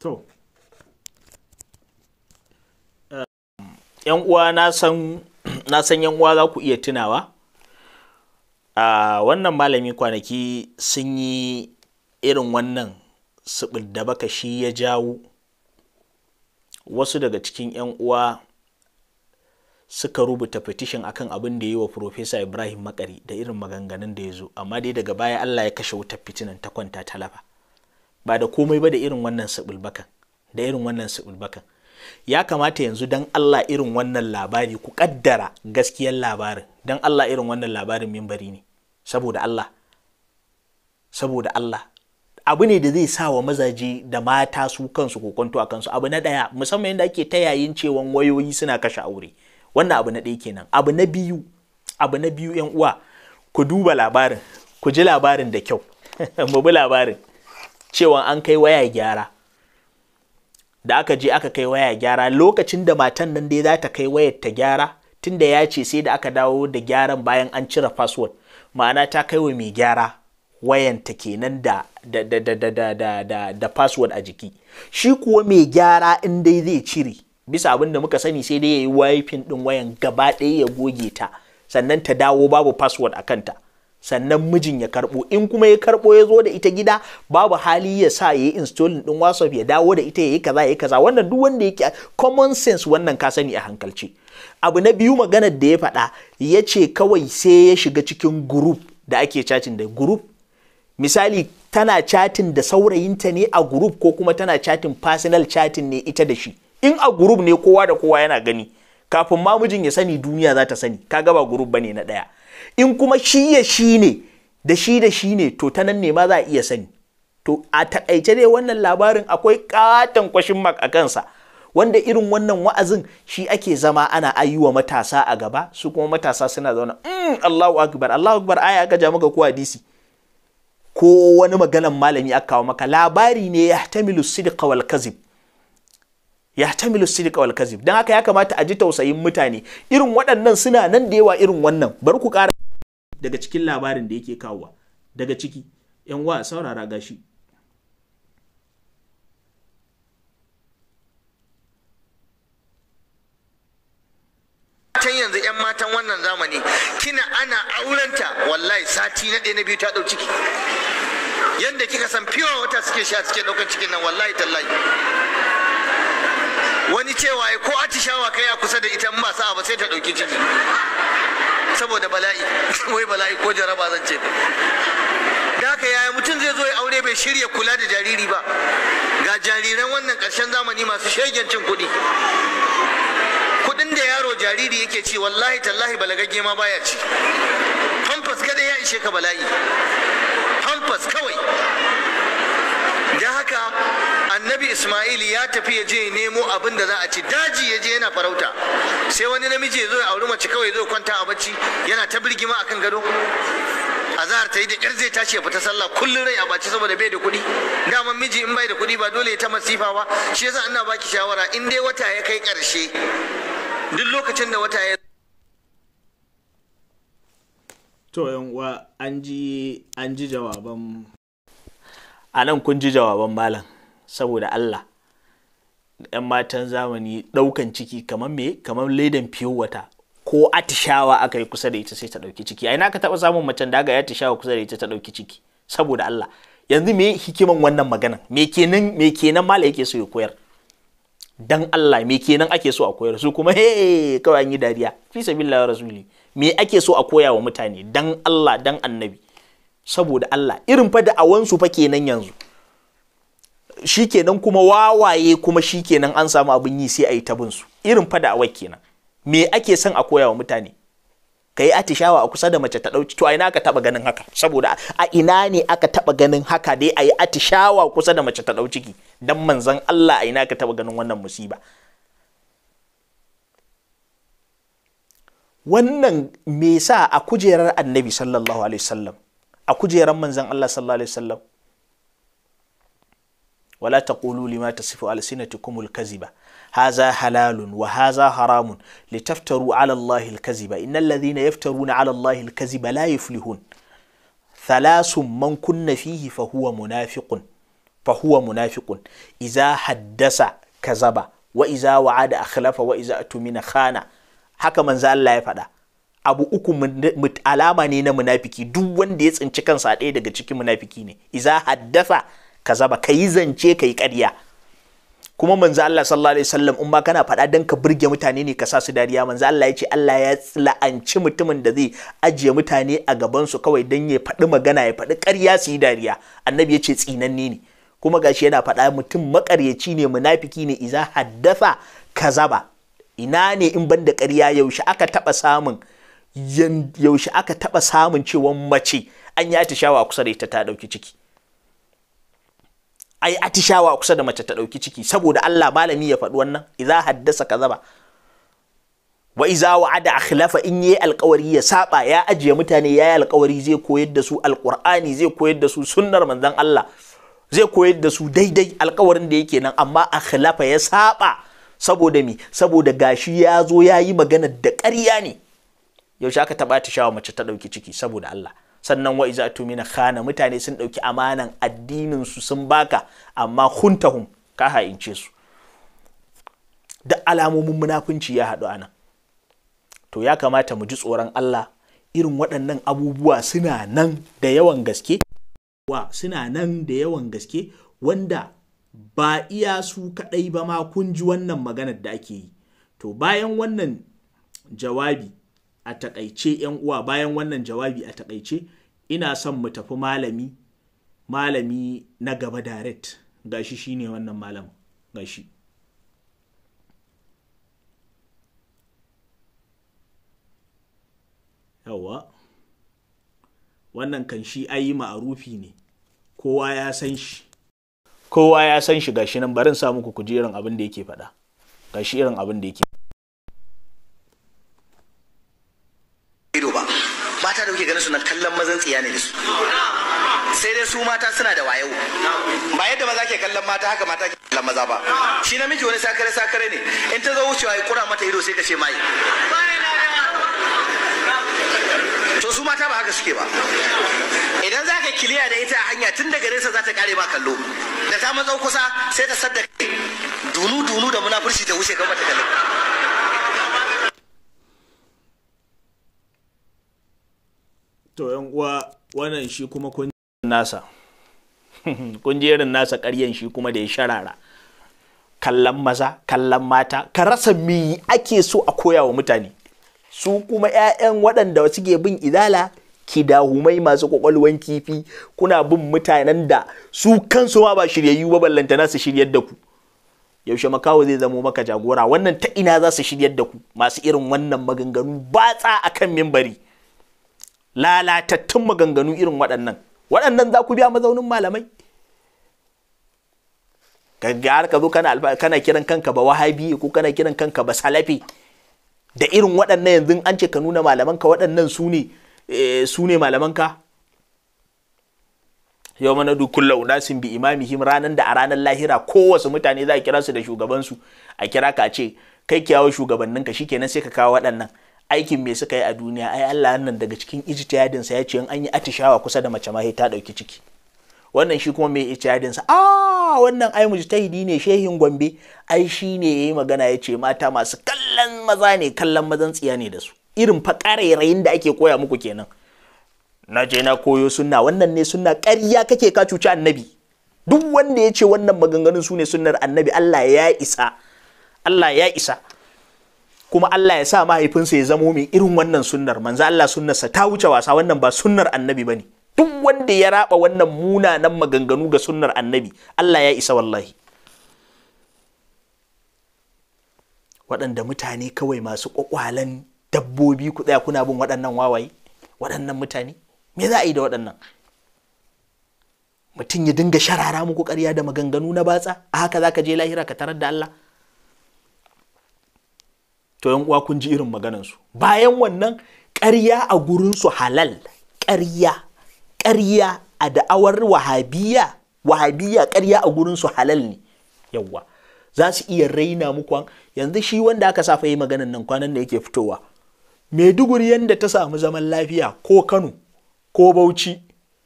to yan uwa na san na san yan uwa za ku iya tunawa a wannan malami kwanaki sun yi irin wannan subul da baka shi ya jawo wasu daga cikin yan uwa suka rubuta petition akan abin da yi wa Profesa Ibrahim Makari da irin maganganun da ya zo amma dai daga baya Allah ya kashe wutar fitinan ta kwanta talafa ba da komai ba da irin wannan sabulbakan da irin wannan sabulbakan ya kamata yanzu dan Allah irin wannan labari ku kaddara gaskiyar labarin dan Allah irin wannan labarin mimbari ne saboda Allah saboda Allah abu ne da zai sa wa mazaje da mata su kansu ko kwanto a kansu abu na daya musamman yadda ake ta yayin cewa wayoyi suna kashe aure wannan abu na daya kenan abu na biyu abu na biyu yan uwa ku duba labarin ku ji labarin da kyau (laughs) mu bi labarin cewa an kai waya gyara da aka je aka kai waya gyara lokacin da matan nan dai za ta kai wayar ta gyara tunda ya ce sai da aka dawo da gyaran bayan an cire password ma'ana ta kai wa mai gyara wayanta kenan da da da password a jiki shi kuwa mai gyara in dai zai cire bisa abin da muka sani sai dai ya yi waifin din wayan gaba ɗaya ya goge ta sannan ta dawo babu password a kanta sannan mijin ya karbo in kuma ya karbo ya zo da ita gida babu hali ya sa ya yi installing din whatsapp ya dawo da ita ya yi kaza ya yi kaza wannan duk wanda yake common sense wannan ka sani a hankalci abu na biyu maganar da ya faɗa ya ce kawai sai ya shiga cikin group da ake chatting da group misali tana chatting da saurayinta ne a group ko kuma tana chatting personal chatting ne ita da shi in a group ne kowa da kowa yana gani kafin ma mijin ya sani duniya za ta sani kaga ba group bane na ɗaya in kuma shi ya shi ne da shi da shi ne to ta nan ne ma za a iya sani to a takaice dai wannan labarin akwai katon kwashin mak a kansa wanda irin wannan wa'azin shi ake zama ana ayyuwa matasa a gaba su kuma matasa suna zauna mm, Allahu akbar Allahu akbar aya aka ja maka ko hadisi ko wani maganan malami aka kawo maka labari ne tamilu sidqa wal kazib tamilu sidqa wal kazib dan haka ya kamata a ji tausayin mutane irin waɗannan suna nan da yawa irin wannan bar ku ƙara daga cikin labarin da yake kawo daga ciki yan wa saurara gashi matan yanzu 'yan matan wannan zamani kina ana aurenta wallahi sati na ɗaya na biyu ta ɗau ciki yadda kika san fiwa wata suke sha suke ɗaukar cikin nan wallahi tallahi wani cewa ko atishawa kai a kusa da ita ba sa'a ba sai ta ɗauki ciki saboda bala'i (laughs) wai bala'i ko jaraba zan ce da haka yaya mutum zai zo ya aure bai shirya kula da jariri ba ga jariran wannan ƙarshen zamani masu shegen cin kuɗi kuɗin da yaro jariri yake ci wallahi tallahi balagagge ma baya ci pampas kada ya ishe ka bala'i pampas kawai da haka annabi ismail ya tafi ya je nemo abin da za a ci daji ya je yana farauta sai wani namiji ya zo ya auri mace kawai ya zo kwanta a bacci yana ta birgima akan gado azahar ta yi da zai tashi ya fita sallah kullum rai a baci saboda bai da kuɗi daman miji in bai da kuɗi ba dole ya ta masifa ba shi yasa ina baki shawara in dai wata ya kai ƙarshe duk lokacin da wata ya to yan uwa an ji jawaban a nan kun ji jawaban malam saboda Allah yan matan zamani ɗaukan ciki kamar me kamar ledan fiyo wata ko atishawa aka yi kusa da ita sai ta ɗauki ciki A ina ka taɓa samun macen da aka yi atishawa kusa da ita ta ɗauki ciki saboda Allah yanzu me hikiman wannan magana me kenan me kenan mala yake so ya koyar dan Allah me kenan ake so a koyar su kuma he kawai an yi dariya fi sabilillahi rasuli me ake so a koya wa mutane dan Allah dan annabi saboda Allah irin fa da awansu fa kenan yanzu shikenan kuma wawaye kuma shikenan an samu abin yi sai a yi tabin su irin fada awai kenan me ake son a koya wa mutane ka yi atishawa a kusa da mace ta ɗauki to a ina aka taɓa ganin haka saboda a ina ne aka taba ganin haka dai a yi atishawa kusa da mace ta dauki ki dan manzon Allah a ina aka taɓa ganin wannan musiba wannan me sa a kujerar annabi sallallahu alaihi wasallam a kujerar manzon Allah sallallahu alaihi wasallam wala ta taqulu lima tasifu alsinatukumul kaziba haza halalun wa haza haramun litaftaru ala allahi alkaziba innal ladhina yaftaruna ala allahi alkaziba la yuflihun thalasun man kunna fihi fa huwa munafiqun fa huwa munafiqun idza haddasa kazaba wa idza wa'ada akhlafa wa idza atumina khana haka manzo Allah ya faɗa abu uku alama ne na munafuki duk wanda ya tsinci kansa ɗaya daga cikin munafuki ne iza haddasa kaza ba ka yi zance ka yi ƙarya kuma manzo Allah sallallahu alaihi wasallam in ma kana faɗa dan ka burge mutane ne ka sa su dariya manzo Allah ya ce Allah ya la'anci mutumin da zai ajiye mutane a gaban su kawai dan ya faɗi magana ya faɗi ƙarya su yi dariya annabi ya ce tsinanni ne kuma gashi yana faɗa mutum makaryaci ne munafiki ne iza haddasa kazaba ina ne in banda da ƙarya yaushe aka taɓa samun yaushe aka taɓa samun cewa mace an yi shawa kusa da ita ta ɗauki ciki ai atishawa kusa da mace ta ɗauki ciki saboda Allah malami ya faɗi wannan idza haddasa kazaba wa idza wa'ada akhlafa in yayi alƙawari ya saba ya ajiye mutane ya yi alƙawari zai koyar da su alƙur'ani zai koyar da su sunnar manzon Allah zai koyar da su daidai alƙawarin da yake nan amma akhlafa ya saba saboda mi saboda gashi ya zo ya yi magana da ƙarya ne yaushe aka taɓa ta shawa mace ta ɗauki ciki saboda Allah sannan wa iza tumina khana mutane sun ɗauki amanan addinin su sun baka amma huntahum ka ha'ince su da alamomin munafunci ya haɗu nan. to ya kamata mu ji tsoron Allah irin waɗannan abubuwa suna nan da yawan gaske wa suna nan da yawan gaske wanda ba iya su kaɗai ba ma kun ji wannan maganar da ake yi to bayan wannan jawabi a takaice yan uwa bayan wannan jawabi a takaice ina son mu tafi malami malami na gaba direct gashi shine wannan malam gashi yawa wannan kan shi ayi ma'arufi ne kowa ya san shi kowa ya san shi gashi nan barin sa muku kujerin abin da yake faɗa gashi irin abin da yake kuke ganin su na kallon mazan tsiya ne da su sai dai su mata suna da wayo ba yadda maza ke kallon mata haka mata ke kallon maza ba shi namiji wani sakare sakare ne in ta zo wucewa ya kura mata ido sai ka ce mai to su mata ba haka suke ba idan za ka kiliya da ita a hanya tun daga nesa za ta kare ba kallo da ta matsau kusa sai ta sadda dunu dunu da munafurci ta wuce kan mata kallon to yan uwa wannan shi kuma kun nasa (laughs) kun nasa ƙaryan shi kuma da ya sharara kallon maza kallon mata ka rasa me ake so a koya wa mutane su kuma 'ya'yan waɗanda suke bin idala kidahumai masu kwakwalwan kifi kuna bin mutanen da su kansu ma ba shiryayyu ba ballanta su shiryar da ku yaushe makawo zai zamo maka jagora wannan ta ina za su shiryar da ku masu irin wannan maganganu batsa kan mimbari lalatattun maganganu irin waɗannan waɗannan za ku biya mazaunin malamai har ka zo kana kiran kanka ba wahabi ko kana kiran kanka ba salafi da irin waɗannan yanzu an ce ka nuna malamanka waɗannan su ne eh, su ne malamanka yau mana kulla unasin bi imamihim ranar da a ranar lahira kowace mutane za a kira su da shugabansu a kira ka ce kai kyawo shugabanninka kenan sai ka kawo waɗannan aikin me suka yi a duniya ai Allah nan daga cikin ijtihadin sa ya ce in an yi atishawa kusa da mace mai ta dauki ciki wannan shi kuma mai ijtihadin sa ah wannan ai mujtahidi ne shehin Gombe ai shi ne yayi magana ya ce mata masu kallon maza ne kallon mazan tsiya ne da su irin fa rayin da ake koya muku kenan na je na koyo sunna wannan ne sunna ƙarya kake ka cuci annabi duk wanda ya ce wannan maganganun su ne sunnar annabi Allah ya isa Allah ya isa kuma Allah ya sa mahaifinsa ya zamo mai irin wannan sunnar manzo Allah sunnarsa ta wuce wasa wannan ba sunnar annabi bane duk wanda ya raba wannan munanan maganganu ga sunnar annabi Allah ya isa wallahi waɗanda mutane kawai masu ƙwaƙwalan dabbobi ku tsaya kuna bin waɗannan wawaye waɗannan mutane me za a yi da waɗannan mutum ya dinga sharara muku ƙarya da maganganu na batsa a haka za ka je lahira ka tarar da Allah to yan uwa kun ji irin maganan su bayan wannan ƙarya a gurinsu halal ƙarya ƙarya a da'awar wahabiya wahabiya ƙarya a gurin su halal ne yawwa za su iya raina muku yanzu shi wanda aka safa yi maganan nan kwanan da yake fitowa maiduguri yanda ta samu zaman lafiya ko kano ko bauchi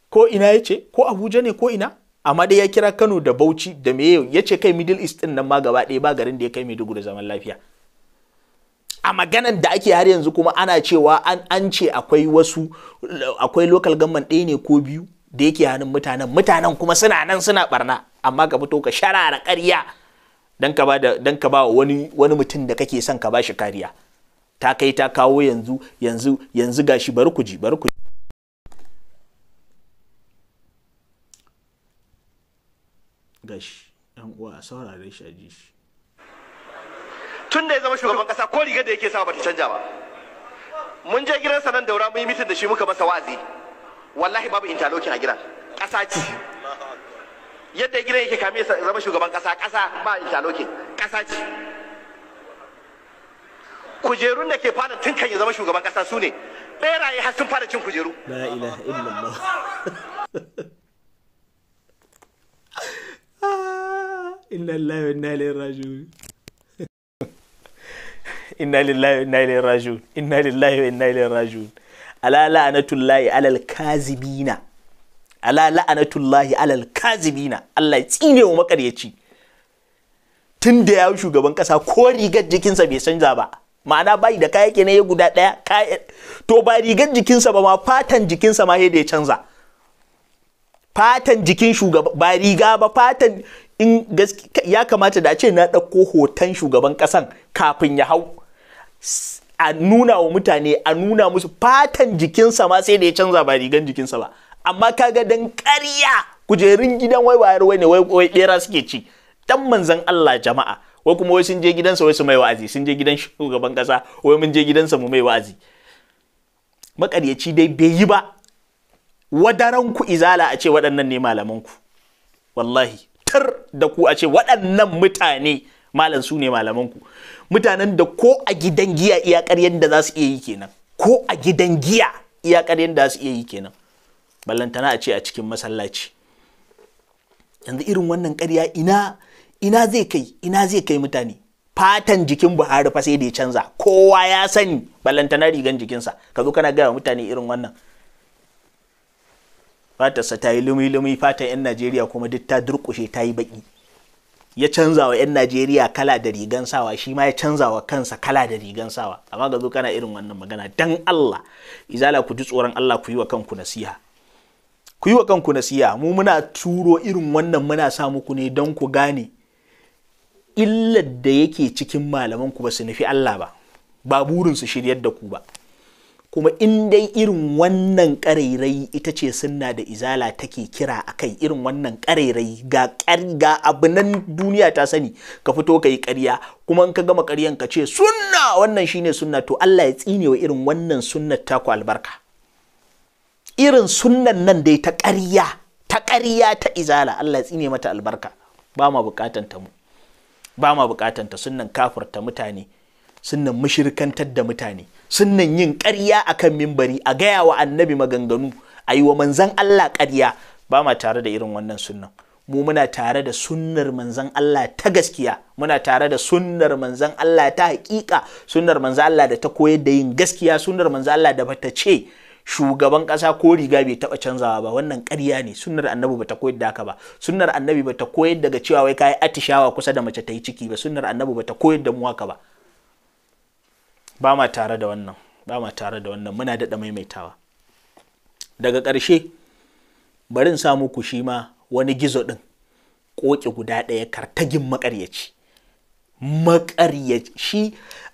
ko ina ya ce ko abuja ne ko ina amma dai ya kira kano da bauchi da me ya ce kai middle east din nan ma gaba ɗaya ba garin da ya kai maiduguri zaman lafiya a maganan da ake har yanzu kuma ana cewa an ce akwai wasu akwai local government ɗaya ne ko biyu da yake hannun mutanen mutanen kuma suna nan suna barna amma ka fito ka sharara ƙarya dan ka ba don ka ba wani wani mutum da kake son ka ba shi kariya ta kai ta kawo yanzu yanzu yanzu gashi bari ku ji bari ku gashi yan uwa saurare shi a ji tun da ya zama shugaban kasa ko rigar da yake sa bata canja ba mun je gidansa nan daura mun yi mitin da shi muka masa wazi wallahi babu interlocking a gidan kasa ce yadda gidan yake kame ya zama shugaban kasa kasa ba interlocking kasa ce kujerun da ke fara tun kan ya zama shugaban kasa su ne beraye har sun fara cin kujeru la ilaha illallah (laughs) ah, inna lillahi wa inna ilaihi raji'un inna lillahi wa inna ilaihi raji'un inna lillahi wa inna ilaihi raji'un ala la'natullahi alal kazibina ala la'natullahi alal kazibina Allah ya tsine wa makaryaci tun da ya shugaban kasa ko rigar jikinsa bai canza ba ma'ana bai da kaya ne ya guda daya to ba rigar jikinsa ba ma fatan jikinsa ma da ya canza fatan jikin shugaba ba riga ba fatan in ya kamata da ce na ɗauko hoton shugaban ƙasan kafin ya hau a nuna wa mutane a nuna musu fatan jikinsa ma sai da ya canza ba rigan jikinsa ba amma ka ga dan ƙarya kujerun gidan wai wayar wai ne wai suke ci dan manzan Allah jama'a wai kuma wai sun je gidansa wai su mai wa'azi sun je gidan shugaban kasa wai mun je gidansa mu mai wa'azi makaryaci dai bai yi ba wadaran ku izala a ce waɗannan ne malamanku? wallahi tar da ku a ce waɗannan mutane malam su ne malaman ku mutanen da ko a gidan giya iyakar yadda za su iya yi kenan ko a gidan giya iyakar yadda za su iya yi kenan ballantana a ce a cikin masallaci yanzu irin wannan karya ina ina zai kai ina zai kai mutane fatan jikin buhari fa sai da ya canza kowa ya sani ballantana rigan jikinsa ka zo kana gaya mutane irin wannan fatarsa ta yi lumi-lumi fatan 'yan najeriya kuma duk ta durkushe ta yi baƙi ya canza wa 'yan najeriya kala da rigan sawa shi ma ya canza wa kansa kala da rigan sawa amma ga zo kana irin wannan magana dan allah izala ku ji tsoron allah ku yi wa kanku nasiha ku yi wa kanku nasiha mu muna turo irin wannan muna sa muku ne don ku gane illar da yake cikin malaman ku ba su nufi allah ba ba su shiryar da ku ba kuma in dai irin wannan ƙarairai ita ce sunna da izala take kira a kai irin wannan ƙarairai ga ƙarga abu nan duniya ta sani ka fito ka yi ƙarya kuma in ka gama ƙaryan ka ce sunna wannan shine sunna to Allah ya tsine wa irin wannan sunnar ku albarka irin sunnan nan dai ta ƙarya ta ƙarya ta izala Allah ya tsine mata albarka ba ma buƙatan ta mu ba ma buƙatan ta sunnan kafirta mutane sunnan mushrikantar da mutane Sunan yin ƙarya akan mimbari a gaya wa annabi maganganu a yi wa manzan Allah ƙarya ba ma tare da irin wannan sunnan mu muna tare da sunnar manzan Allah ta gaskiya muna tare da sunnar manzan Allah ta haƙiƙa sunnar manzan Allah da ta koyar da yin gaskiya sunnar manzan Allah da bata ce shugaban ƙasa ko riga bai taɓa canzawa ba wannan ƙarya ne sunnar annabi bata koyar da haka ba sunnar annabi bata koyar daga cewa wai kayi atishawa kusa da mace ta yi ciki ba sunnar annabi bata koyar da mu haka ba ba ma tare da wannan ba ma tare da wannan muna daɗa maimaitawa daga ƙarshe bari in samu ku shi ma wani gizo ɗin ƙoƙi guda ɗaya kartagin maƙaryaci maƙaryaci shi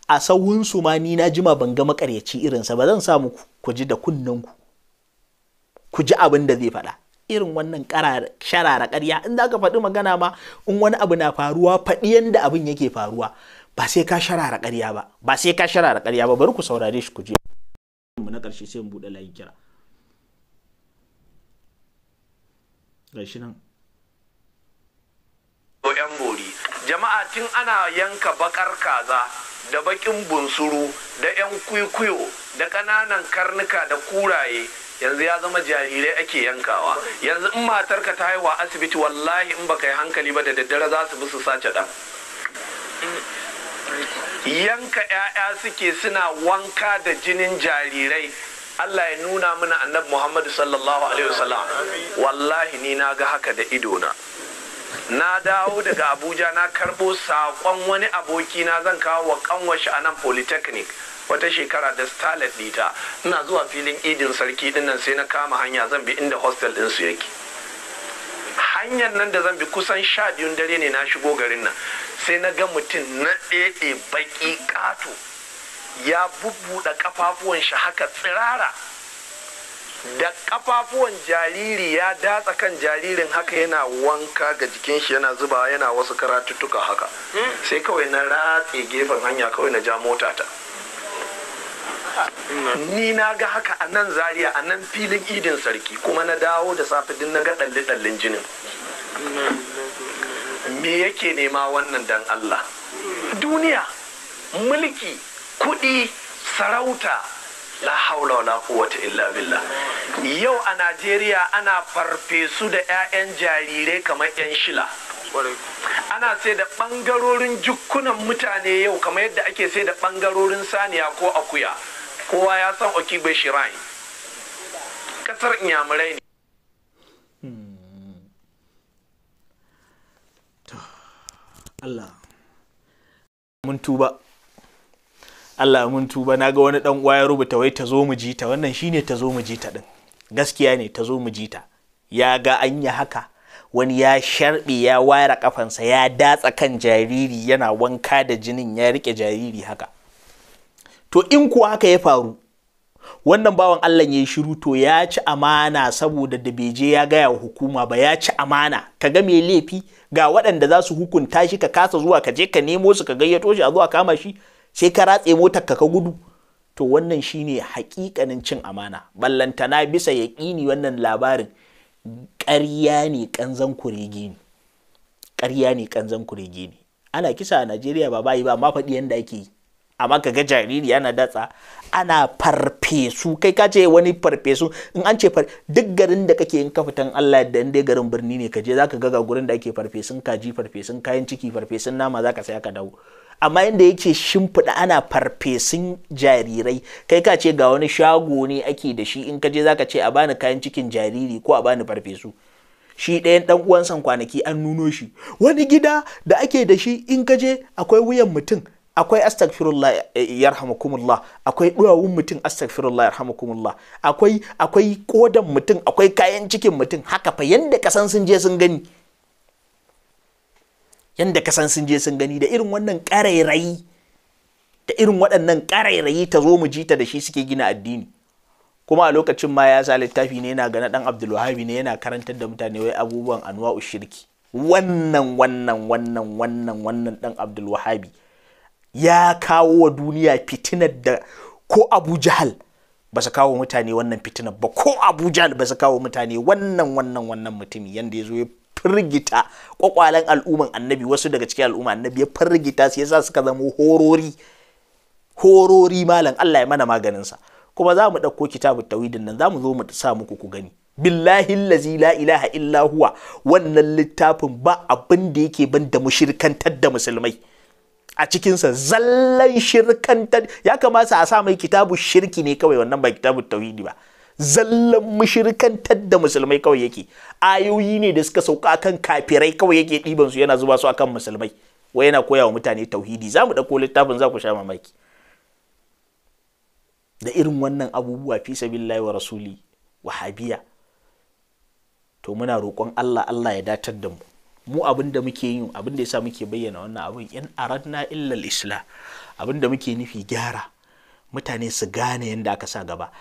a sahunsu ma ni na jima ban ga maƙaryaci irinsa ba zan samu ku ji da kunnen ku ku ji abin da zai faɗa irin wannan sharara ƙarya in za faɗi magana ma in wani abu na faruwa faɗi yadda abin yake faruwa ba sai ka sharara ƙarya ba ba sai ka sharara ƙarya ba bari ku saurare shi ku je mu na ƙarshe sai mu bude layin kira gashi nan yan bori jama'a tun ana yanka bakar kaza da bakin bunsuru da yan kwikwiyo da ƙananan karnuka da kuraye yanzu ya zama jarirai ake yankawa yanzu in matarka ta haihuwa asibiti wallahi in baka yi hankali ba da daddare za su bi su sace dan. yanka 'ya'ya suke suna wanka da jinin jarirai Allah ya nuna mana annabi muhammad sallallahu alaihi wasallam wallahi ni na ga haka da idona na dawo daga Abuja na karbo saƙon wani aboki na zan kawo wa kanwashi a nan polytechnic wata shekara da starlet dita ina zuwa filin idin sarki dinnan sai na kama hanya zan bi inda hostel din su yake hanyar nan da zan bi kusan sha biyun dare ne na shigo garin nan sai na ga mutum na ɗeɗe baƙi ƙato ya bubbuɗe ƙafafuwan shi haka tsirara da ƙafafuwan jariri ya datsa kan jaririn haka yana wanka ga jikin shi yana zuba yana wasu karatuttuka haka hmm. sai kawai na ratse gefen hanya kawai na ja mota motata. ni na ga haka a nan zaria a nan filin idin sarki kuma na dawo da safe din na ga ɗalle ɗallen jinin me yake nema wannan dan Allah duniya mulki kuɗi sarauta la haula wala quwwata illa billah yau a Najeriya ana farfesu da 'ya'yan jarirai kamar 'yan shila ana sai da ɓangarorin jukkunan mutane yau kamar yadda ake sai da ɓangarorin saniya ko akuya kowa ya san okibe shirai ƙasar inyamurai ne hmm. Allah mun tuba Allah mun tuba na ga wani dan uwa ya rubuta wai ta zo mu ji ta wannan shine ta zo mu ji ta din gaskiya ne ta zo mu ji ta ya ga an yi haka wani ya sharbe ya ware kafansa ya datsa kan jariri yana wanka da jinin ya rike jariri haka to in kuwa haka ya faru wannan bawan Allah ya yi shiru to ya ci amana saboda da beje ya gaya wa hukuma ba ya ci amana ka ga mai laifi ga waɗanda za su hukunta shi ka kasa zuwa ka je ka nemo su ka gayyato shi a zuwa kama shi sai ka ratse motar ka ka gudu to wannan shine hakikanin cin amana ballantana bisa yaƙini wannan labarin ƙarya ne ƙanzan kurege ne ƙarya ne ƙanzan kurege ne ana kisa a najeriya ba bayi ba ma faɗi yadda ake yi amma ka ga jariri ana datsa ana farfesu kai ka ce wani farfesu in an ce duk garin da kake yin kafitan Allah da inda garin birni ne ka je zaka ga ga gurin da ake farfesun kaji farfesun kayan ciki farfesun nama zaka saya ka dawo amma yadda yake shimfiɗa ana farfesun jarirai kai ka ce ga wani shago ne ake da shi in ka je zaka ce a bani kayan cikin jariri ko a bani farfesu shi ɗayan ɗan uwansan kwanaki an nuno shi wani gida da ake da shi in ka je akwai wuyan mutum akwai astagfirullah eh, yarhamukumullah akwai duwawun mutum astagfirullah yarhamukumullah akwai akwai kodan mutum akwai kayan cikin mutum haka fa yanda kasan sun je sun gani yanda kasan sun je sun gani da irin wannan ƙarairayi da irin waɗannan ƙarairayi ta zo mu ji ta da shi suke gina addini kuma a lokacin ma ya sa littafi ne yana gana ɗan abdulwahabi ne yana karantar da mutane wai abubuwan anuwa shirki wannan wannan wannan wannan wannan ɗan abdulwahabi ya kawo wa duniya fitinar da ko abu jahal ba su kawo mutane wannan fitinar ba ko abu jahal ba su kawo mutane wannan wannan wannan mutumi yanda ya zo ya firgita kwakwalen al'umman annabi wasu daga cikin al'umman annabi ya firgita su yasa suka zama horori horori malam Allah ya mana maganin sa. kuma za mu ɗauko kitabu tawhidin nan za mu zo mu sa muku ku gani billahi allazi la ilaha illa huwa wannan littafin ba abin da yake ban da mushirkantar da musulmai a cikinsa zallan shirkantar ya kamata a sa mai kitabu shirki ne kawai wannan ba kitabu tauhidi ba zallan mushrikantar da musulmai kawai yake ayoyi ne da suka sauka kan kafirai kawai yake ɗiban su yana zuba su akan musulmai wai yana koya wa mutane tauhidi za mu ɗauko littafin za ku sha mamaki da irin wannan abubuwa fi sabillahi wa rasuli wahabiya to muna roƙon Allah Allah ya datar da mu mu abin da muke yin abin da yasa muke bayyana wannan abin in aradna illa isla abin da muke nufi gyara mutane su gane yadda aka sa gaba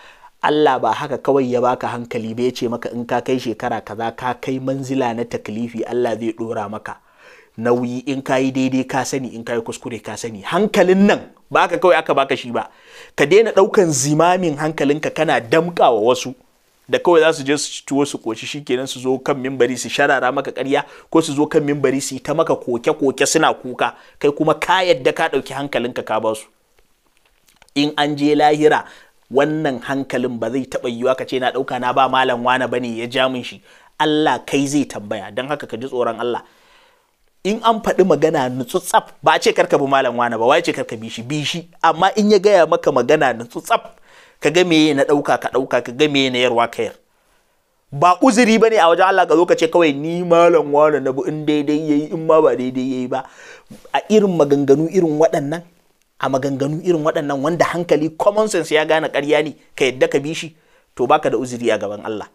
Allah ba haka kawai ya baka hankali ba ya ce maka in ka kai shekara kaza ka kai manzila na taklifi Allah zai dora maka nauyi in ka yi daidai ka sani in ka yi kuskure ka sani hankalin nan ba haka kawai aka baka shi ba ka daina ɗaukan zimamin hankalinka kana damƙawa wasu da kawai za su je su tuwo su koci shikenan su zo kan mimbari su sharara maka ƙarya, ko su zo kan mimbari su yi ta maka koke-koke suna kuka kai kuma ka yadda ka ɗauki hankalinka ka ba su in an je lahira wannan hankalin ba zai taɓa yiwuwa ka ce na ɗauka na ba malam wane ba ne ya ja min shi Allah kai zai tambaya don haka ka ji tsoron Allah in an faɗi magana nutsutsaf ba a ce karka bi malam wane ba wai ce karka bi shi bi shi amma in ya gaya maka magana nutsutsaf ka ga me na ɗauka ka ɗauka ka ga me na yarwa ka yar ba uzuri ne a wajen Allah ka zo ka ce kawai ni malam wane na bu in daidai yayi in ma ba daidai yayi ba a irin maganganu irin waɗannan a maganganu irin waɗannan wanda hankali common sense ya gane ƙarya ne ka yadda ka bi shi to baka da uzuri a gaban Allah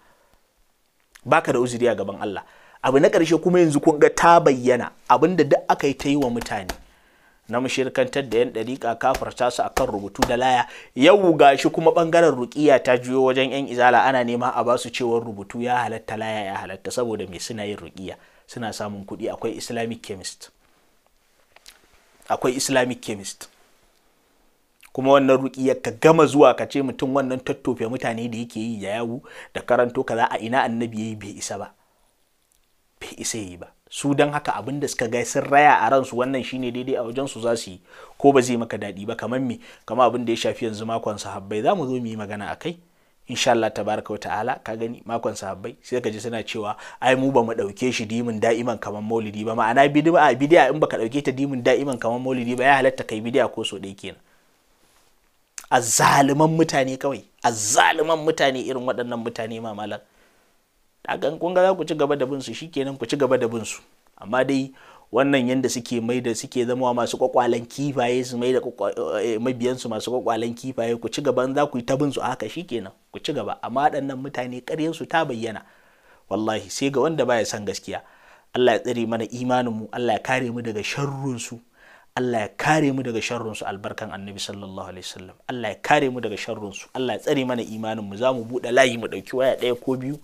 baka da uzuri a gaban Allah abu na ƙarshe kuma yanzu kun ga ta bayyana abinda duk aka yi ta yi wa mutane na mushirkantar da yan ɗariƙa kafarta su akan rubutu da laya yau gashi kuma ɓangaren ruƙiya ta juyo wajen yan izala ana nema a basu cewar rubutu ya halatta laya ya halatta saboda me suna yin ruƙiya suna samun kuɗi akwai islamic chemist akwai islamic chemist kuma wannan ruƙiyar ka gama zuwa ka ce mutum wannan tattofe mutane da yake yi ya yawu da karanto kaza a ina annabi yayi bai isa ba bai isa yi ba su don haka abin da suka gai raya a ransu wannan shine daidai a wajen su za su yi ko ba zai maka daɗi ba kamar me kama abin da ya shafi yanzu makon sahabbai za mu zo mu yi magana a kai insha Allah tabaraka wa ta'ala ka gani makon sahabbai sai ka ji suna cewa ai mu ba mu dauke shi dimin da'iman kamar maulidi ba ma'ana bid'a bid'a in baka dauke ta dimin da'iman kamar maulidi ba ya halatta kai bid'a ko so dai kenan a zaliman mutane kawai a zaliman mutane irin waɗannan mutane ma malam daga ga za ku ci gaba da bin su shikenan ku ci gaba da bin amma dai wannan yadda suke mai da suke zama masu kwakwalen kifaye su mai da eh, eh, mabiyansu masu kwakwalen kifaye ku ci gaba za ku yi binsu su haka shikenan ku ci gaba amma waɗannan mutane ƙaryar su ta bayyana wallahi sai ga wanda baya son gaskiya Allah ya tsare mana imanin mu Allah ya kare mu daga sharrunsu. su Allah ya kare mu daga sharrinsu albarkan annabi sallallahu alaihi wasallam Allah ya kare mu daga sharrinsu Allah ya tsare mana imanin mu za mu buɗe layi mu ɗauki waya ɗaya ko biyu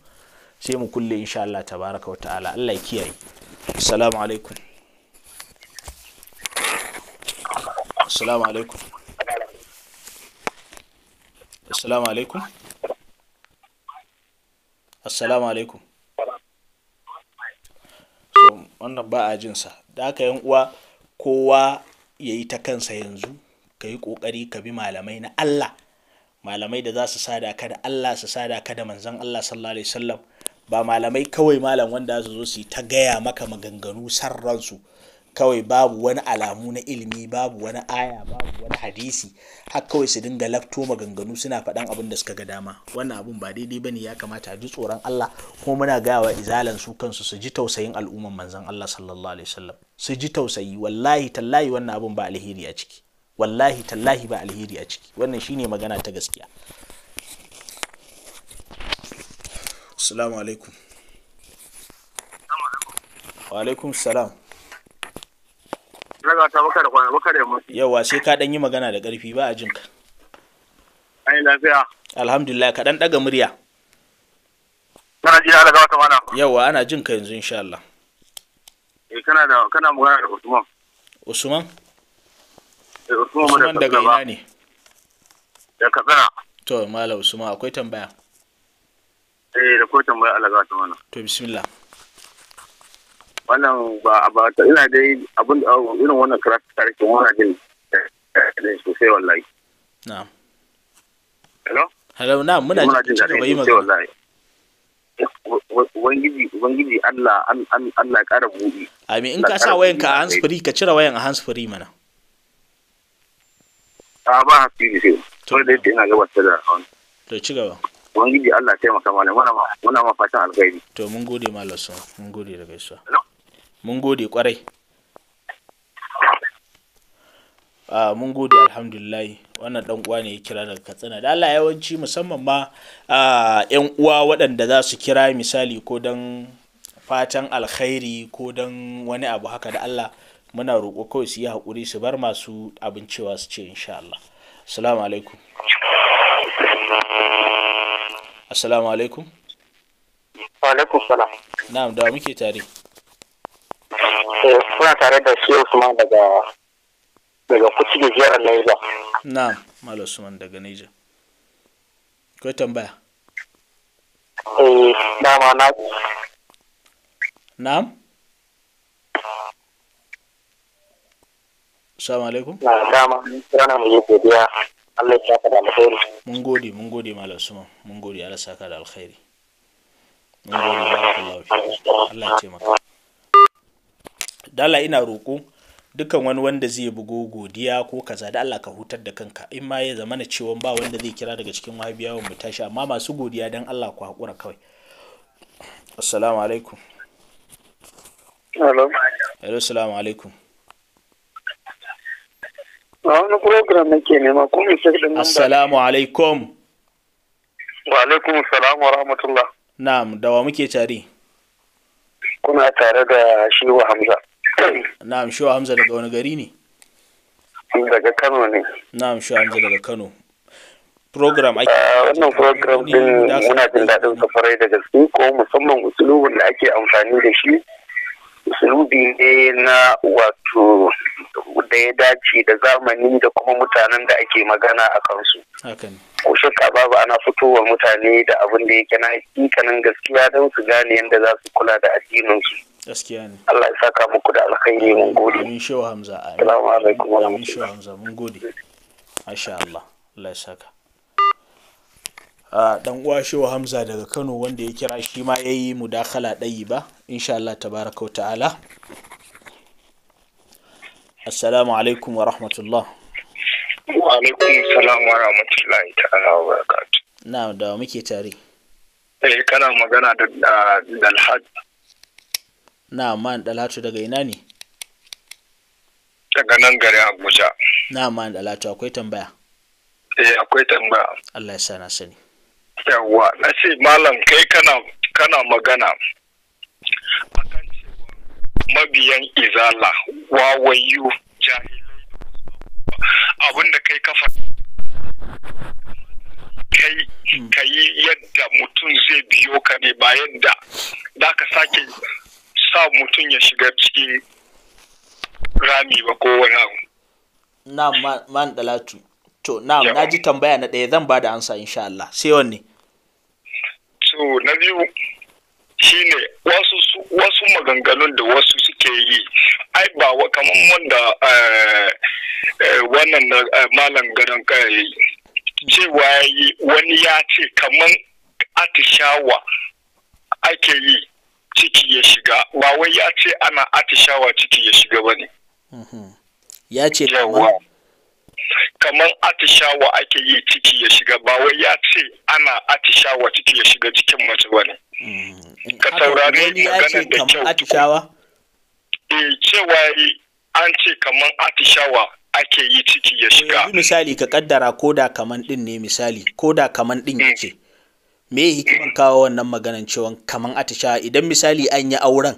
sai mu kulle insha Allah tabaraka wa ta'ala Allah ya kiyaye assalamu alaikum assalamu alaikum assalamu alaikum assalamu alaikum so wannan ba a jinsa da haka yan uwa kowa ya yi ta kansa yanzu ka yi ƙoƙari ka bi malamai na Allah malamai da za su sada ka da Allah su sada ka da manzan Allah sallallahu alaihi wasallam ba malamai kawai malam wanda su zo su yi ta gaya maka maganganu sarransu kawai babu wani alamu na ilimi babu wani aya babu wani hadisi har kawai su dinga lafto maganganu suna faɗan abin da suka ga dama wannan abun ba daidai bane ya kamata a ji tsoron Allah kuma muna gawa izalan su kansu su ji tausayin al'umman manzan Allah sallallahu alaihi wasallam su ji tausayi wallahi tallahi wannan abun ba alheri a ciki wallahi tallahi ba alheri a ciki wannan shine magana ta gaskiya assalamu alaikum wa alaikum salam daga ta kwana yawa sai ka dan yi magana da karfi ba a jinka ai lafiya alhamdulillah ka dan daga murya kana ana ga wata yawa ana jinka yanzu insha Allah eh kana da kana magana da Usman Usman eh Usman, Usman daga ina ne da Katsina to malam Usman akwai tambaya eh da akwai tambaya Allah ga ta mana to bismillah wannan ba ba ina dai abin irin wannan karatu tare wannan din ne eh, eh, sosai wallahi na'am hello hello na muna jin ka bai magana wangiji ubangiji Allah Allah kara buɗi ami in ka sa wayan ka hands free ka cire wayan a hands free mana a ah, ba hands free sai to da yake ina gabatar da wani to ci gaba wangiji Allah taimaka mana muna muna ma fatan alkhairi to mun gode malam mun gode da gaisuwa mun gode kwarai Uh, mun gode alhamdulillahi wannan dan uwa ne ya kira daga katsina da Allah yawanci musamman ma yan ah, uwa waɗanda za su kira misali ko dan fatan alkhairi ko dan wani abu haka da Allah muna roƙo kawai su yi haƙuri su bar masu abin cewa su ce insha Allah assalamu alaikum assalamu alaikum wa alaikum salam na'am da muke tare eh, kuna tare da shi Usman daga daga kuci da jihar Niger. Na, Malam Usman daga Niger. Kai tambaya. Eh, dama na. Na'am. Assalamu alaikum. Na dama rana mai godiya. Allah ya saka da alkhairi. Mun gode, mun gode Malam Usman. Mun gode Allah saka da alkhairi. Allah ya ce maka. Dala ina roƙo dukan wani wanda zai bugo godiya ko kaza da Allah ka hutar da kanka in ma ya zamana cewa ba wanda zai kira daga cikin wahabiyawan mu tashi amma masu godiya dan Allah ku hakura kawai assalamu alaikum hello hello assalamu alaikum a wani program nake nema ko mu sai din assalamu alaikum wa alaikum assalam wa rahmatullah na'am dawa muke tare kuna tare da shi wa hamza haka ne na'am shehu hamza daga wani gari ne daga kano ne na'am shehu hamza daga kano program ake ah, wannan program din muna jin daɗin safarai da gaske ko musamman usulubin da ake amfani da shi usulubi ne na wato da ya dace da zamani da kuma mutanen da ake magana a kansu ko shakka babu ana fitowa mutane da abin da yake na hakikanin gaskiya don su gane yadda za su kula da addinin su. gaskiya ne Allah ya saka muku da alkhairi mun gode amin shehu hamza assalamu alaikum wa amin shehu hamza mun gode masha Allah Allah ya saka a ah, dan uwa shehu hamza daga Kano wanda ya kira shi ma yayi mudakala dai ba insha Allah tabaraka ta'ala assalamu alaikum wa rahmatullah wa alaikum salam wa rahmatullahi ta'ala wa barakatuh na da muke tare eh kana magana da dalhaji na man dalatu daga ina ne daga nan gari abuja na man dalatu akwai tambaya eh akwai tambaya allah ya sa na sani yawwa na ce malam kai kana kana magana akan cewa mabiyan izala wawayu jahilai abin da kai kafa kai hmm. ka yadda mutum zai biyo ka ne ba yadda da ka sake sa mutum ya shiga cikin rami ba ko wani abu na man dalatu to na na ji tambaya na ɗaya zan ba da ansa insha Allah sai wanne to na biyu shine wasu wasu maganganun da wasu suke yi ai ba wa kamar wanda eh, eh, wannan eh, malam gadon kai cewa yi wani ya ce kamar atishawa ake yi ciki ya shiga ba wai ya ce ana atishawa ciki ya shiga ba ne mm-hmm. ya ce kamar atishawa ake yi ciki ya shiga ba wai ya ce ana atishawa ciki ya shiga jikin mace ba ne mm-hmm. ka saurari maganar da kyau eh cewa an ce kamar atishawa ake yi ciki ya shiga misali ka kaddara koda kaman din ne misali koda kamar din yake mm. me hikimar kawo wannan maganan cewa kaman atisha idan misali an yi auren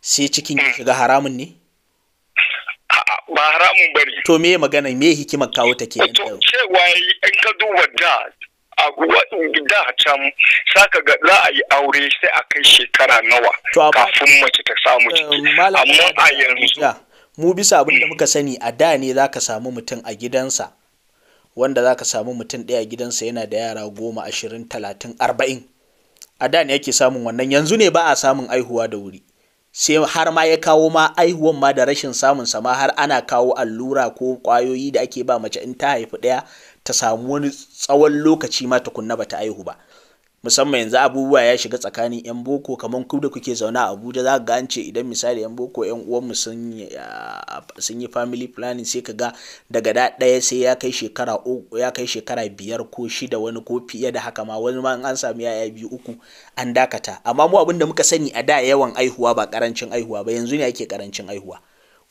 sai cikin ya shiga haramun ne ba haramun bari. to me magana me hikimar kawo ta ke to cewa in ka duba da a da can saka ga za a yi aure sai a kai shekara nawa kafin mace ta samu eh, ciki amma a yanzu mu bisa abin da muka sani a da ne za ka samu mutum a gidansa wanda za ka samu mutum ɗaya gidansa yana da yara goma ashirin talatin arba'in a da ne ake samun wannan yanzu ne ba a samun aihuwa da wuri sai har ma ya kawo ma aihuwan ma da rashin samun sama har ana kawo allura ko kwayoyi da ake ba mace in ta haifi ɗaya ta samu wani tsawon lokaci ma tukunna bata aihu ba musamman yanzu abubuwa ya shiga tsakanin yan boko kamar ku da kuke zaune a abuja za ga an idan misali yan boko yan uwanmu ah, sun yi family planning sai ka ga daga da ɗaya sai ya kai shekara ya kai shekara biyar ko shida wani ko fiye da haka ma wani ma an samu yaya biyu uku an dakata amma mu abin da muka sani a da yawan aihuwa ba karancin aihuwa ba yanzu ne ake karancin aihuwa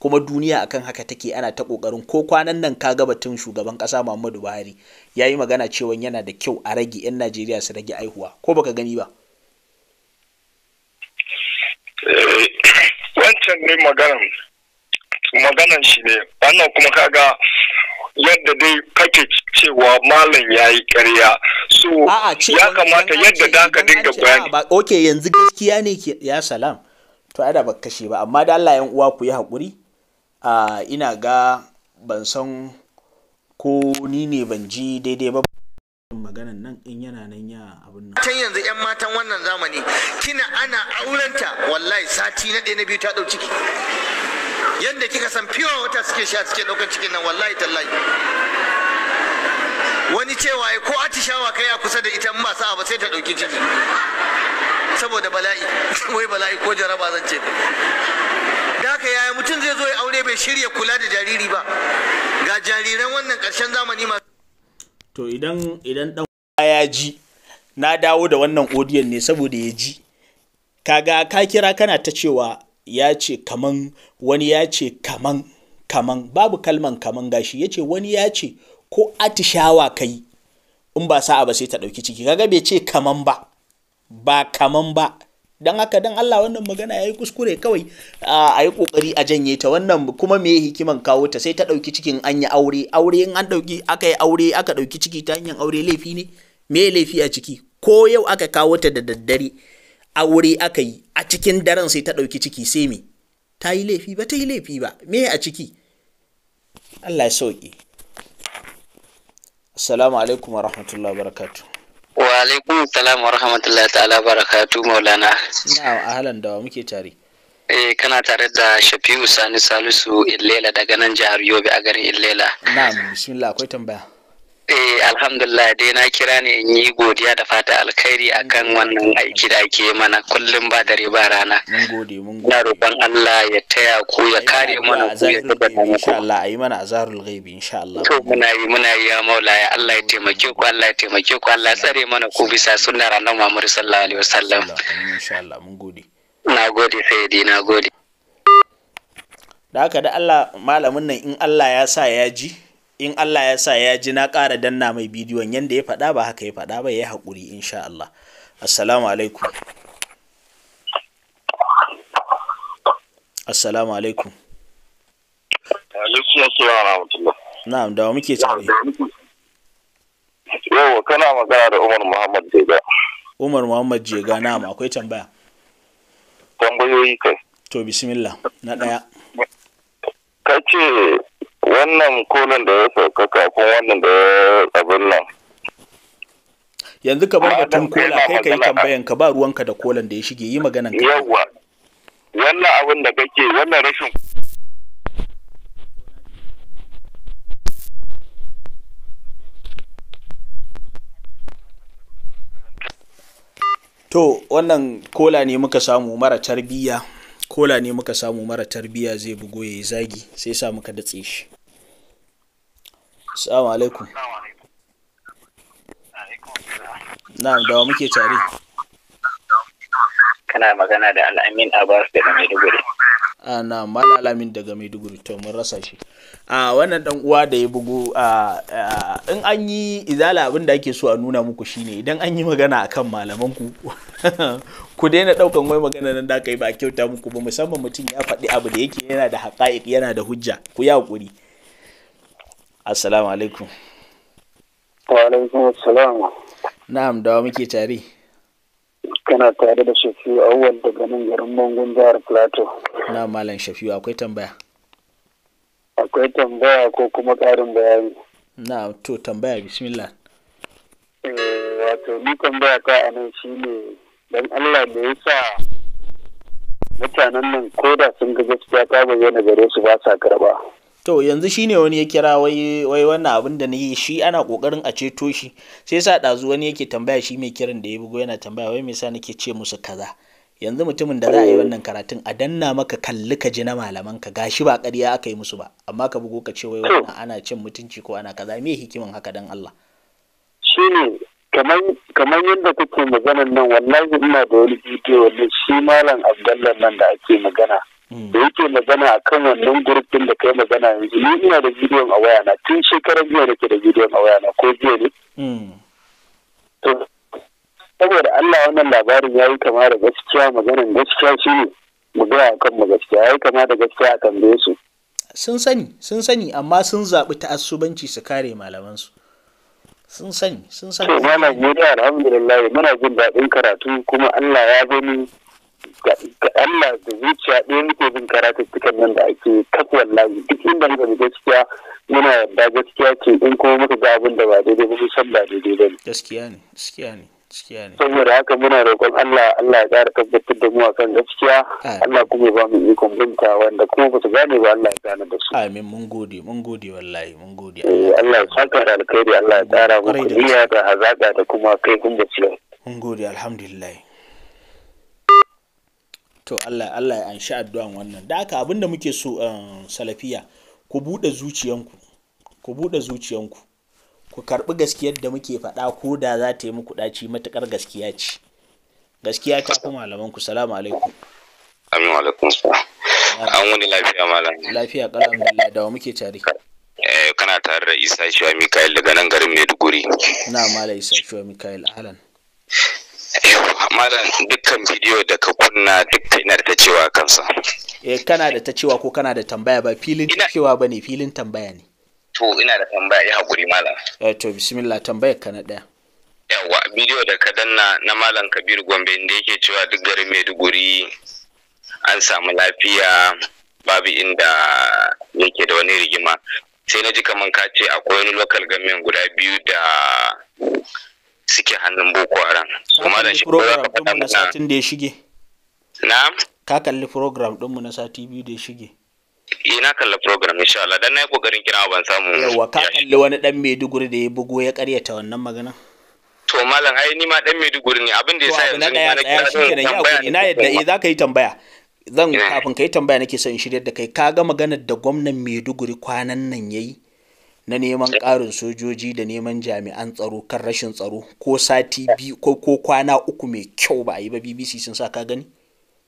kuma duniya akan haka take ana ta kokarin ko kwanan nan ka ga batun shugaban kasa Muhammadu Buhari ya yi magana cewa yana da kyau a rage 'yan Najeriya su rage aihuwa ko baka gani ba eh, wancan ne magana magana shi ne wannan kuma kaga yadda dai kake cewa malam ya yi ƙarya so ya kamata yadda da ka dinga bayani ok yanzu gaskiya ne ya salam to ai da ba kashe ba amma da Allah yan uwa ku yi haƙuri uh, ina ga ban san ko ni ne ban ji daidai ba maganan nan in yana nan ya abin nan. Can yanzu 'yan matan wannan zamani kina ana aurenta wallahi sati na ɗaya na biyu ta ɗau ciki. Yadda kika san fiwa wata suke sha suke ɗaukar cikin nan wallahi tallahi. Wani cewa ya ko atishawa kai a kusa da ita ba sa'a ba sai ta ɗauki ciki. Saboda bala'i, (laughs) wai bala'i ko jaraba zan ce. haka yaya mutum zai zo ya aure bai shirya kula da jariri ba ga jariran wannan ƙarshen zamani masu to idan idan dan ya ji na dawo da wannan odiyon ne saboda ya ji kaga ka kira kana ta cewa ya ce kaman wani ya ce kaman kaman babu kalman kaman gashi ya ce wani ya ce ko atishawa kai in ba sa'a ba sai ta ɗauki ciki kaga bai ce kaman ba ba kaman ba don haka dan Allah wannan magana ya yi kuskure kawai a yi kokari a janye ta wannan kuma me hikiman kawo ta sai ta ɗauki cikin an yi aure aure in an ɗauki aka yi aure aka ɗauki ciki ta hanyar aure laifi ne me laifi a ciki ko yau aka kawo ta da daddare aure aka yi a cikin daren sai ta ɗauki ciki sai me ta yi laifi ba ta yi laifi ba me a ciki Allah ya sauki assalamu alaikum wa rahmatullahi wa barakatuh Wa alaikun salam wa rahmatullahi ta'ala barakatu maulana. Na'am ahlan da muke tare. Eh kana tare da Shafi'u Sani Salisu Ilela daga nan jihar Yobe a garin Ilela. Na'am bismillah akwai tambaya. Eh alhamdulillah dai na kira ne in yi godiya da fata alkhairi akan wannan aiki da ake mana kullum ba dare ba rana. Mun gode mun gode. Na roƙon Allah ya taya ku ya kare mana ku ya da muku. Insha Allah yi mana azarul ghaibi insha Allah. To muna yi muna yi ya Maula ya Allah ya taimake ku Allah ya taimake ku Allah tsare mana ku bisa sunna ranar Muhammadu sallallahu alaihi wasallam. Insha Allah mun gode. Na gode Sayyidi na gode. Da haka da Allah malamin nan in Allah ya sa ya ji in Allah ya sa ya ji na ƙara danna mai bidiyon yadda ya faɗa ba haka ya faɗa ba ya haƙuri insha Allah assalamu alaikum assalamu alaikum na'am da muke tare yau kana magana da Umar Muhammad Jega Umar Muhammad Jega na'am akwai tambaya tambayoyi kai to bismillah na ɗaya ka ce wannan kolin da ya sauka kafin wannan da ya abin nan yanzu ka bar batun kola kai ka yi tambayan ka ba ruwanka da kolan da ya shige yi maganan ka yawa wannan abin da kake wannan rashin To wannan kola ne muka samu mara tarbiyya kola ne muka samu mara tarbiya zai bugo ya yi zagi sai sa muka datse shi salamu alaikum na da wa muke tare kana magana da al'amin abbas daga maiduguri a ah, na alamin daga maiduguri to mun rasa shi a ah, wannan dan uwa da ya bugu a ah, in an yi izala abin da ake so a nuna muku shine idan an yi magana akan malamanku (laughs) ku daina daukan wai magana nan da yi ba kyauta muku ba musamman mutum ya faɗi abu da yake yana da haƙa'iq yana da hujja ku yi hakuri assalamu alaikum wa alaikum assalam na'am dawa muke tare kana tare da shafi'u awwal daga nan garin bangon jihar plateau na malam shafi'u akwai tambaya akwai tambaya ko kuma ƙarin bayani na to tambaya bismillah eh, wato ni tambaya ka a nan shine don Allah da ya sa mutanen nan ko da sun ga gaskiya ta bayyana gare su ba sa karba. To yanzu ne wani ya kira wai wannan abin da yi shi ana kokarin a ceto shi sai sa ɗazu wani yake tambaya shi mai kiran da ya bugo yana tambaya wai mai sa nake ce musu kaza yanzu mutumin da za a yi wannan karatun a danna maka kalli ka ji na malaman ka gashi ba ƙarya aka yi musu ba amma ka bugo ka ce wai wannan ana cin mutunci ko ana kaza me hikiman haka dan Allah ne kamar yadda kuke maganan nan wallahi ina da wani bidiyo ne shi malam abdallah nan da ake magana hmm. da yake magana a kan wannan gurbin da kai magana yanzu ni ina da bidiyon a waya na tun shekarar jiya da ke da bidiyon a waya na ko jiya ne hmm. saboda allah wannan labarin ya yi kama da gaskiya maganin gaskiya shi ne mu gaya a kan mu gaskiya ya yi kama da gaskiya a kan su sun sani sun sani amma sun zaɓi ta'assubanci su kare malamansu sun sani sun sani to ma Najeriya alhamdulillah muna jin daɗin karatu kuma Allah ya gani ga Allah da zuciya ɗaya muke jin bin cikin nan da ake kafa wallahi duk inda muka bi gaskiya muna yarda gaskiya ce in kuma muka ga abin da ba daidai ba san ba daidai ba gaskiya ne gaskiya ne saboda haka muna roƙon Allah Allah ya ƙara tabbatar da mu akan gaskiya Allah kuma ba mu ikon binta wanda kuma ba su gane ba Allah ya gane da su amin mun gode mun gode wallahi mun gode eh, Allah ya saka da alkhairi Allah ya ƙara mu niyya da hazaka da kuma kai kun da basira mun gode alhamdulillah to Allah Allah ya anshi addu'an wannan da haka abinda muke so um, salafiya ku buɗe zuciyanku ku buɗe zuciyanku ku karɓi gaskiyar da muke faɗa ko da za ta yi muku ɗaci matuƙar gaskiya ce gaskiya ta kuma malaman ku salamu alaikum amin wa alaikum an wani lafiya malam lafiya kalam billah da muke tare eh, kana tare da isa shiwa mikael daga nan garin maiduguri na Malam isa shiwa mikael alan malam dukkan bidiyo da ka kunna duk ina da ta cewa kansa eh kana da ta cewa ko kana da tambaya ba filin cewa ba ne filin tambaya ne to ina da tambaya ya haƙuri malam eh to bismillah tambayar ka na ɗaya yawa bidiyo da ka danna na malam kabir gombe inda yake cewa duk garin maiduguri an samu lafiya babu inda yake da wani rigima sai na ji kamar ka ce akwai wani local government guda biyu da suke hannun boko haram kuma da shi program ɗinmu na satin da ya shige na ka kalli program ɗinmu na sati biyu da ya shige Eh na kalla program insha Allah dan nayi kokarin kira ban samu. Yawa ka kalli wani dan Maiduguri da ya bugo ya karyata wannan magana. To malam ai ni ma dan Maiduguri ne abin da yasa yanzu na kira shikenan ya hakuri na yadda eh zaka yi tambaya. Zan eh. kafin kai tambaya nake son in shiryar da kai ka ga maganar da gwamnan Maiduguri kwanan nan yayi na neman ƙarin sojoji da neman jami'an tsaro kan rashin tsaro ko sati biyu ko kwana uku mai kyau ba a yi ba BBC sun sa ka gani?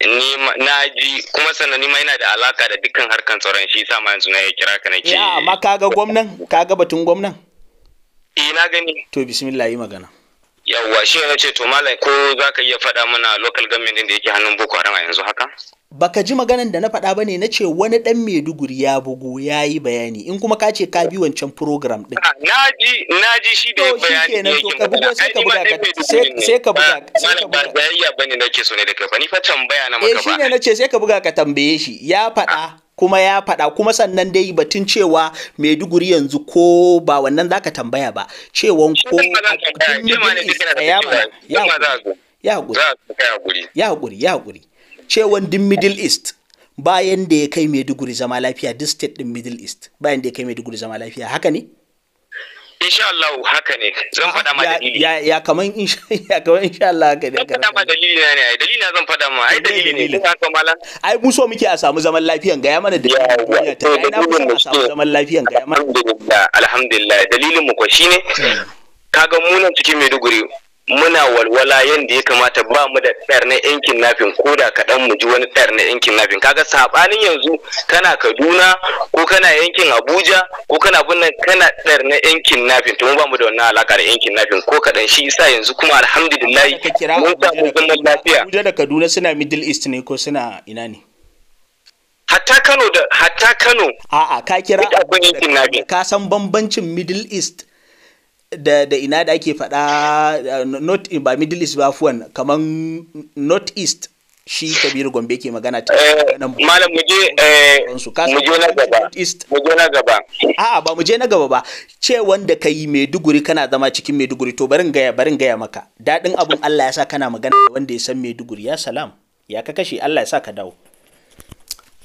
na ji kuma sannan ma yana da alaka da dukkan harkan tsaron shi sa ma yanzu na ya kira ka na ke ya amma kaga gwamnan kaga batun gwamnan eh na gani to bismillah yi magana yawwa shi ya ce to malam ko za ka iya faɗa mana local government da yake hannun boko haram a yanzu haka baka ji maganan da na faɗa bane na ce wani ɗan maiduguri ya bugu ya yi bayani in kuma ka ce ka bi wancan program ɗin ah, na ji na ji shi da bayani ne ka bugo sai ka buga ka sai ka buga sai ka buga ya bane nake so ne da kai fa ni fa tambaya na maka eh, ba eh shine nace sai ka buga ka tambaye shi ya faɗa kuma ya faɗa kuma sannan dai batun cewa maiduguri yanzu ko ba wannan zaka tambaya ba Cewa ko ya haƙuri ya haƙuri ya cewan din middle east bayan da ya kai maiduguri zama lafiya duk state din middle east bayan da ya kai maiduguri zama lafiya haka ne insha Allah haka ne zan faɗa ma dalili ya ya kaman insha (laughs) ya kaman insha Allah haka ne zan faɗa ma dalili na ne ai dalili na zan faɗa ma ai dalili ne ka ka malam ai mu so muke a samu zaman lafiyan ga ya mana da duniya ta ai na mu a samu zaman lafiyan ga ya mana alhamdulillah dalilin mu ko shine hmm. kaga mu nan cikin Maiduguri muna walwala yadda ya kamata ba mu da ɗar na yankin nafin ko da kaɗan mu ji wani ɗar na yankin nafin kaga saɓanin yanzu kana kaduna ko kana yankin abuja ko kana binnan kana ɗar na yankin nafin to mu ba mu da wannan da yankin nafin ko kaɗan shi yasa yanzu kuma alhamdulillah mun samu binnan lafiya abuja da kaduna suna middle east ne ko suna ina ne hatta kano da hatta kano a'a ka kira ka san bambancin middle east da, da ina da ake faɗa uh, not ba middle east ba fuwan kamar north east shi kabiru gombe ke magana ta eh, malam mu je eh, mu je na gaba mu je na gaba a'a ba mu je na gaba ba ce wanda kai maiduguri kana zama cikin maiduguri to barin gaya barin gaya maka dadin abun Allah ya sa kana magana da wanda ya san maiduguri ya salam ya ka kashe Allah ya sa ka dawo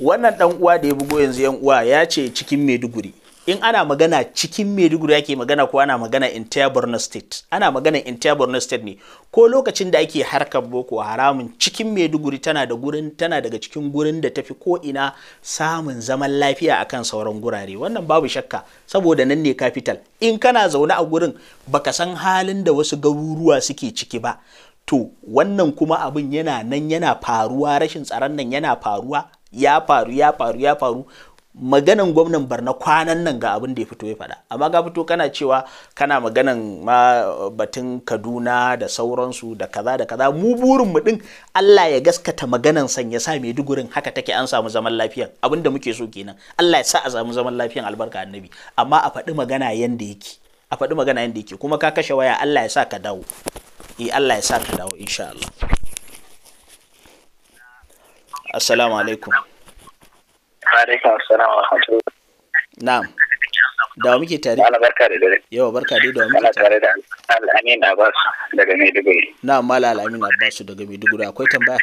wannan dan uwa da ya bugo yanzu yan uwa ya ce cikin maiduguri in ana magana cikin maiduguri ake magana ko ana magana entire borno state ana magana entire borno state ne ko lokacin da ake harkar boko haramun cikin maiduguri tana da gurin tana daga cikin gurin da tafi ko ina samun zaman lafiya akan sauran gurare wannan babu shakka saboda nan ne capital in kana zaune a gurin baka san halin da wasu garuruwa suke ciki ba to wannan kuma abin yana nan yana faruwa rashin tsaron nan yana faruwa ya faru ya faru ya faru maganan gwamnan barna kwanan nan ga abin da ya fito ya faɗa amma ga fito kana cewa kana maganan ma uh, batun kaduna da sauransu da kaza da kaza mu burin mu din Allah ya gaskata maganan san ya sa mai dugurin haka take an samu zaman lafiya abin muke so kenan Allah ya sa a samu zaman lafiya albarka annabi amma a faɗi magana yanda yake a faɗi magana yanda yake kuma ka kashe waya Allah ya sa ka dawo eh Allah ya sa ka dawo insha Allah assalamu alaikum Alaikum assalam wa rahmatullah. Na'am. Da muke tare? Ana barka da dare. Yawa barka dai da muke tare. da Al'amin abasu daga Maiduguri. Na'am Mala Al'amin Abbas daga Maiduguri akwai tambaya?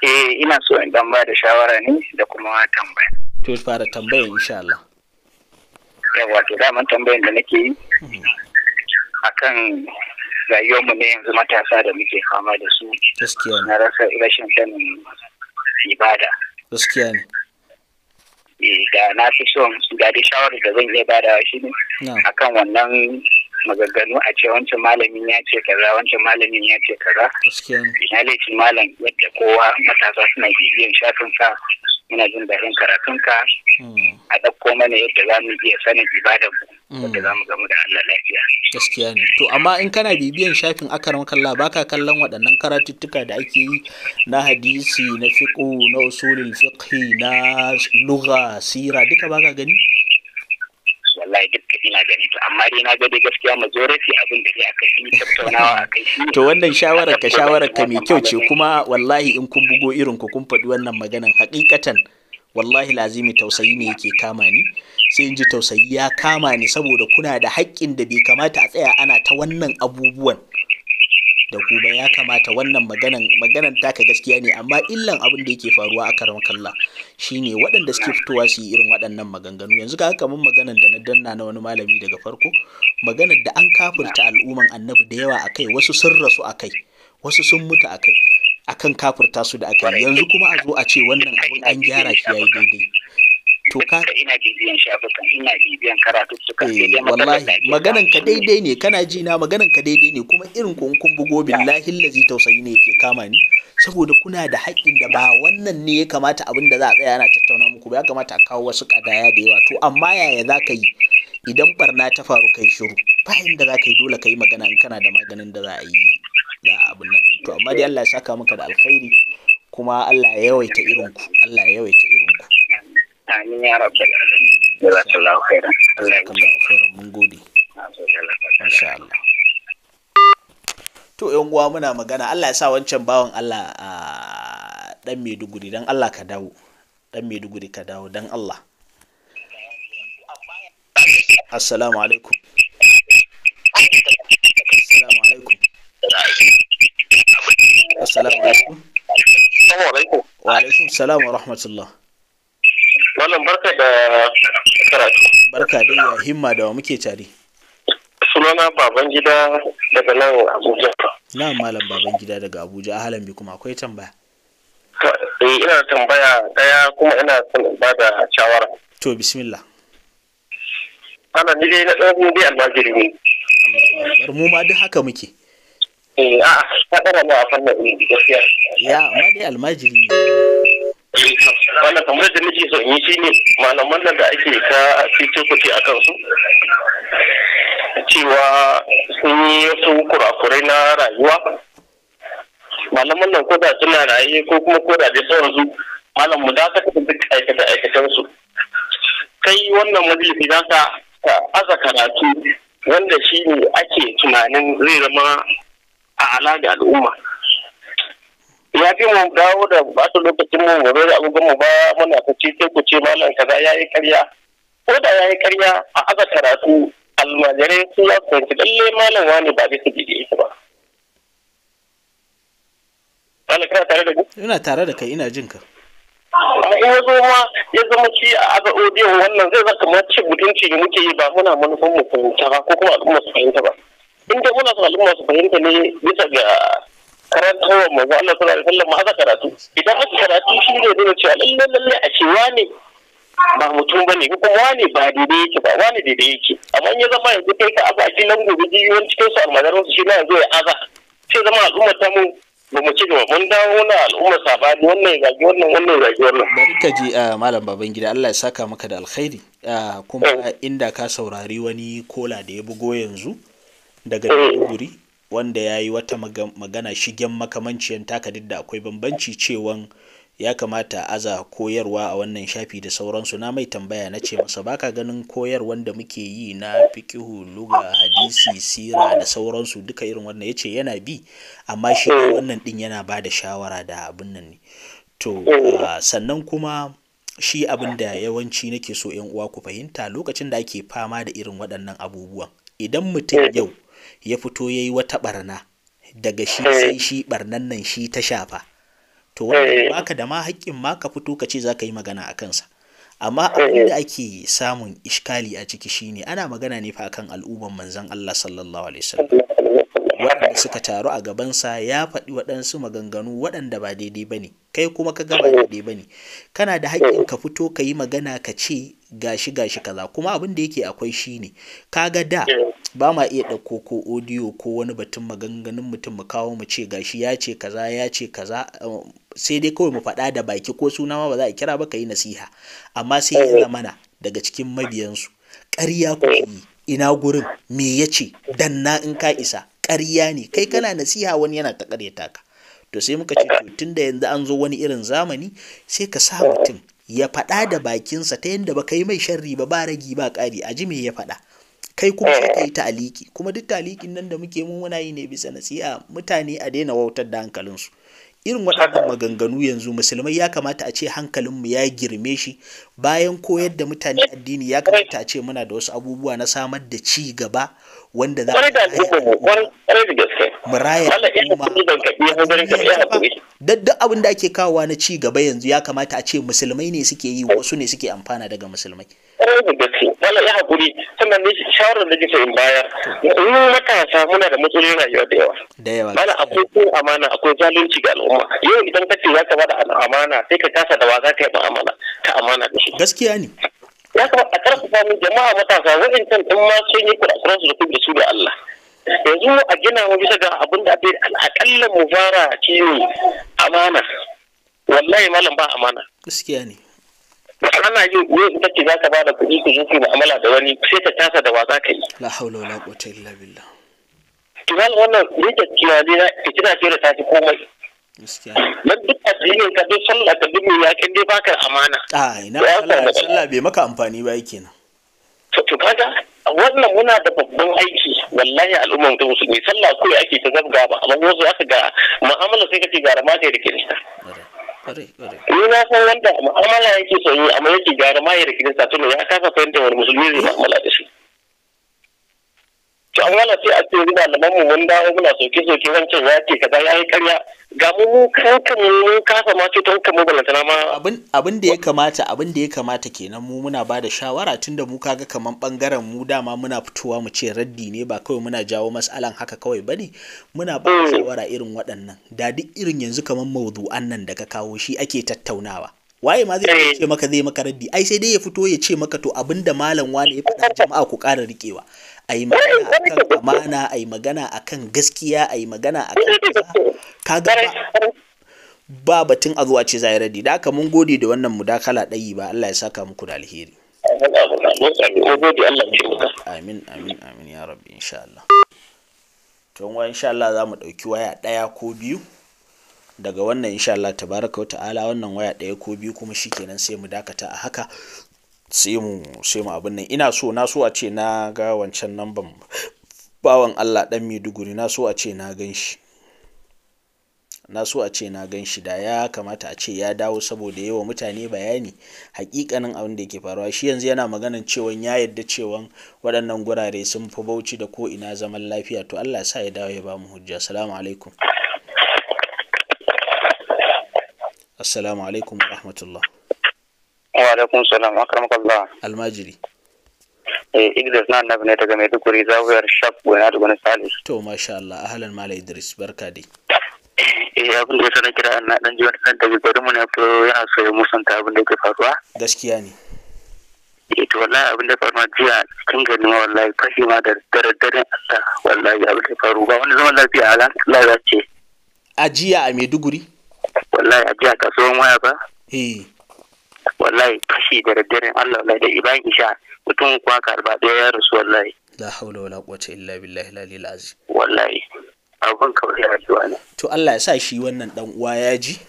Eh ina so in dan da shawara ne da kuma tambaya. To fara tambaya insha Allah. Yawa to daman tambayan da nake yi mhm. akan rayuwarmu ne yanzu matasa da muke fama da su. Gaskiya. Na rasa rashin sanin ibada. gaskiya ne eh, da na fi son ga dai shawarar da zan iya bada shi ne akan wannan maganganu a ce wancan malamin ya ce kaza wancan malamin ya ce kaza ina laifin malam yadda kowa matasa suna bibiyan shafin sa muna jin daɗin karatunka hmm. a ɗauko mana yadda za mu iya sanin ibadar mu hmm. yadda za mu gamu da Allah lafiya. Gaskiya ne. To amma in kana bibiyan shafin akaran kalla baka kallon waɗannan karatuttuka da ake yi na hadisi na fiƙo na usulul fiqhi na lugha sira duka baka gani? Wallahi duk ina gani to amma dai na ga dai gaskiya majority abin da aka yi tattaunawa a kai shi to wannan shawarar ka shawarar ka mai kyau ce kuma wallahi in kun bugo irin ku kun faɗi wannan maganan hakikatan wallahi lazimi tausayi ne yake kama ni sai in ji tausayi ya kama ni saboda kuna da haƙƙin da bai kamata a tsaya ana ta wannan abubuwan da kuma ya kamata wannan maganan maganan taka gaskiya ne amma illan abin da yake faruwa a karamar kalla shine waɗanda suke fitowa su yi irin waɗannan maganganu yanzu ka haka mun maganan da na danna na wani malami daga farko maganar da an kafirta al'umman annabi da yawa a kai wasu sun rasu a kai, wasu sun mutu a kai akan kafirta su da akai yanzu kuma a zo a ce wannan abin an gyara shi yayi daidai to ina bibiyan shafukan ina bibiyan karatu suka eh, wallahi maganan ka daidai ne kana ji na maganan ka daidai ne kuma irin ku kun bugo billahi lazi tausayi ne ke kama ni saboda kuna da haƙƙin da ba wannan ne ya kamata abin da za a tsaya ana tattauna muku ba ya kamata a kawo wasu kadaya da yawa to amma yaya za ka yi idan barna ta faru kai shiru ba inda za ka yi dole ka yi magana in kana da maganin da za a yi za a abin nan to amma dai Allah ya saka maka da alkhairi kuma Allah ya yawaita irinku Allah ya yawaita irinku amin ya rabu da jazakallahu khairan Allah ya khairan mun gode masha Allah to yan uwa muna magana Allah ya sa wancan bawan Allah a dan Maiduguri dan Allah ka dawo Ɗan Maiduguri ka dawo dan Allah Assalamu alaikum Assalamu alaikum Assalamu alaikum Wa alaikum salam wa rahmatullah Malam barka da karatu. Barka da ya himma da wa muke tare. Sunana Babangida daga nan Abuja. Na malam Babangida daga Abuja a halin bi kuma akwai tambaya. Eh ina tambaya daya kuma ina son ba da shawara. To bismillah. Ana ni dai na ɗan dai almajiri ne. Mu ma duk haka muke. Eh a'a ta ɗara mu a fannin gaskiya. Ya ma dai almajiri ne. wannan kamar da nake so in yi ne, malaman nan da ake ta cice kuce a kansu cewa sun yi wasu kurakurai na rayuwa malaman nan koda suna raye ko kuma koda da sauransu malam mu za ta kafa duk aikata aikatan su kai wannan majalisi za ka aza karatu wanda shi ne ake tunanin zai zama a ala al'umma ya fi mu dawo da bata lokacin mu gobe da agogon mu ba muna ta ce sai ku ce malam kaza ya yi karya ko da ya yi karya a aka karatu almajirai su ya fahimci lalle malam wani ba zai su bige shi ba. Malam kana tare da ku? Ina tare da kai ina jin ka. Amma in ya zo ma ya zama ci a aga audio wannan zai zaka ma ci mutunci da muke yi ba muna manufan mu fahimta ba ko kuma al'umma su fahimta ba. In dai muna son al'umma su fahimta ne bisa ga wa manzo Allah sallallahu alaihi wasallam aka karatu idan aka karatu shi ne da cewa lalle lalle a ce wane ba mutum bane ko kuma wane ba daidai yake ba wane daidai yake amma ya zama yanzu kai ka aza shi nan gobe jiyoyin cikin su almazarin su shi na yanzu ya aza sai zama al'ummar ta mu ba mu ci gaba mun dawo na al'ummar sabani wannan ya zagi wannan wannan ya zagi wannan bari ka ji ah, malam baban gida Allah ya saka maka da alkhairi ah, kuma eh. inda ka saurari wani kola da ya bugo yanzu daga eh. Maiduguri wanda ya yi wata magana shigen makamanciyar taka da akwai bambanci cewan ya kamata aza koyarwa a wannan shafi da sauransu na mai tambaya na ce masa baka ganin koyarwan da muke yi na fikihu luga hadisi sira da sauransu duka irin wannan ya ce yana bi amma shi wannan din yana ba da shawara da abin nan ne to ah, sannan kuma shi abin da yawanci nake so yan uwa ku fahimta lokacin da ake fama da irin waɗannan abubuwan idan mutum yau ya fito ya yi wata barna daga shi eh. sai shi barnan nan shi ta shafa to wanda eh. baka da ma haƙƙin ma ka fito ka ce za ka yi magana a kansa amma eh. abin da ake samun iskali a ciki shine ana magana ne fa kan al'umman manzon Allah sallallahu alaihi wasallam waɗanda suka taru a gabansa ya faɗi waɗansu maganganu waɗanda ba daidai ba ne kai kuma ka gaba daidai ba ne kana da haƙƙin ka fito ka yi magana ka ce gashi gashi kaza kuma abin da yake akwai shi ne kaga da ba ma iya ɗauko ko odiyo ko wani batun maganganun mutum mu kawo mu ce gashi ya ce kaza ya ce kaza eh, sai dai kawai mu faɗa da baki ko suna ma ba za a kira ba ka yi nasiha amma sai ya zamana daga cikin mabiyansu ƙarya ku yi ina gurin me ya ce danna in ka isa ƙarya ne kai kana nasiha wani yana ta ƙaryata ka to sai muka ce tun da yanzu an zo wani irin zamani sai ka sa mutum ya faɗa da bakinsa ta yadda ba kai mai sharri ba ba ragi ba ƙari a ji me ya faɗa kai kuma sai ka yi ta'aliki kuma duk talikin nan da muke mu muna yi ne bisa nasiha mutane a daina wautar da hankalinsu irin waɗannan maganganu yanzu musulmai ya kamata a ce hankalinmu ya girme shi bayan koyar da mutane addini ya kamata a ce muna da wasu abubuwa na samar da ci gaba wanda za a (laughs) maraya duk abin da ake kawowa na ci gaba yanzu ya kamata a ce musulmai ne suke yi wasu ne suke amfana daga musulmai wala ya hakuri sannan ne shawarar da kike in bayar mu matasa muna da matsalolin rayuwa da yawa da yawa mala akwai ko amana akwai zalunci ga al'umma yau idan ka ce za ka bada amana sai ka kasa da wa za ka yi amana ta amana da shi gaskiya ne ya kuma a karfafa mu jama'a matasa wa'incan ɗan ma sun yi kurakuransu da kuma da su da Allah yanzu a gina mu bisa ga abin da abin al'akalla mu fara ciwo amana wallahi malam ba amana gaskiya ne ana yin ne ta ce za ka ba da kuɗi ku zo ku mu'amala da wani sai ta tasa da watsa ka yi la haula wala quwwata illa billah kimal wannan rike tunani na fitina ce da ta fi komai nan duk addinin ka duk sallah ka duk ya kin dai baka amana a ina sallah sallah bai maka amfani ba yake nan to kaga wannan muna da babban aiki wallahi al'umman ta musulmi sallah kawai ake ta zabga ba amma wasu aka ga mu'amala sai kace gara ma da kirista ni na san wanda mu'amala yake son yi amma yake gara ma da kirista to ya kasa fahimtar wani musulmi zai mu'amala da shi to an wala sai a ce da mu mun dawo muna soke soke wancan ya ce kaza ya yi karya ga mu mu kankan mu kafa ma ce tankan mu balantana ma abin abin da ya kamata abin da ya kamata kenan mu muna ba da shawara tunda mu kaga kaman bangaren mu dama muna fitowa mu ce raddi ne ba kawai muna jawo masalan haka kawai bane muna ba da mm. shawara irin waɗannan da duk irin yanzu kaman mawdu'an nan da ka kawo shi ake tattaunawa waye ma zai eh. ce maka zai maka raddi ai sai dai ya fito ya ce maka to abinda malam wani ya faɗa jama'a ku ƙara riƙewa a yi magana kan amana a yi magana akan gaskiya a yi magana kan kaga ba batun a zuwa ce zahiradi da haka mun gode da wannan mudakala ɗayi ba Allah ya saka muku da alheri amin amin amin ya rabbi insha Allah tun wa insha Allah za mu ɗauki waya ɗaya ko biyu daga wannan insha Allah tabaraka wa ta'ala wannan waya ɗaya ko biyu kuma shikenan sai mu dakata a haka sai mu sai mu abin nan ina so na so a ce na ga wancan namban bawan Allah dan Maiduguri na so a ce na gan na so a ce na gan da ya kamata a ce ya dawo saboda yawa mutane bayani hakikanin abin da yake faruwa shi yanzu yana maganan cewa ya yadda cewa waɗannan gurare sun fi bauci da ko ina zaman lafiya to Allah sa ya dawo ya ba mu hujja assalamu alaikum assalamu alaikum wa rahmatullah wa alaikum salam akramakallah almajiri eh Idris na annabi ne daga Maiduguri zawiyar Shab Gwana da Gwana Salis to masha Allah ahlan mala Idris barka dai eh abin da ya na kira na dan jiwa dan daga garin mu ne furo yana so ya musanta abin da yake faruwa gaskiya ne eh to wallahi abin da faruwa jiya cikin gani ma wallahi fashi ma da daddare Allah wallahi abin da faru ba wani zaman lafiya alhamdulillah za ce a jiya a Maiduguri wallahi a jiya kasuwan waya ba eh wallahi kashi da daddare Allah wallahi da iban isha mutum kuwa karba da ya rasu wallahi la haula wala quwwata illa billahi lalil azim wallahi abun kawai ya ji to Allah ya sa shi wannan dan uwa ya ji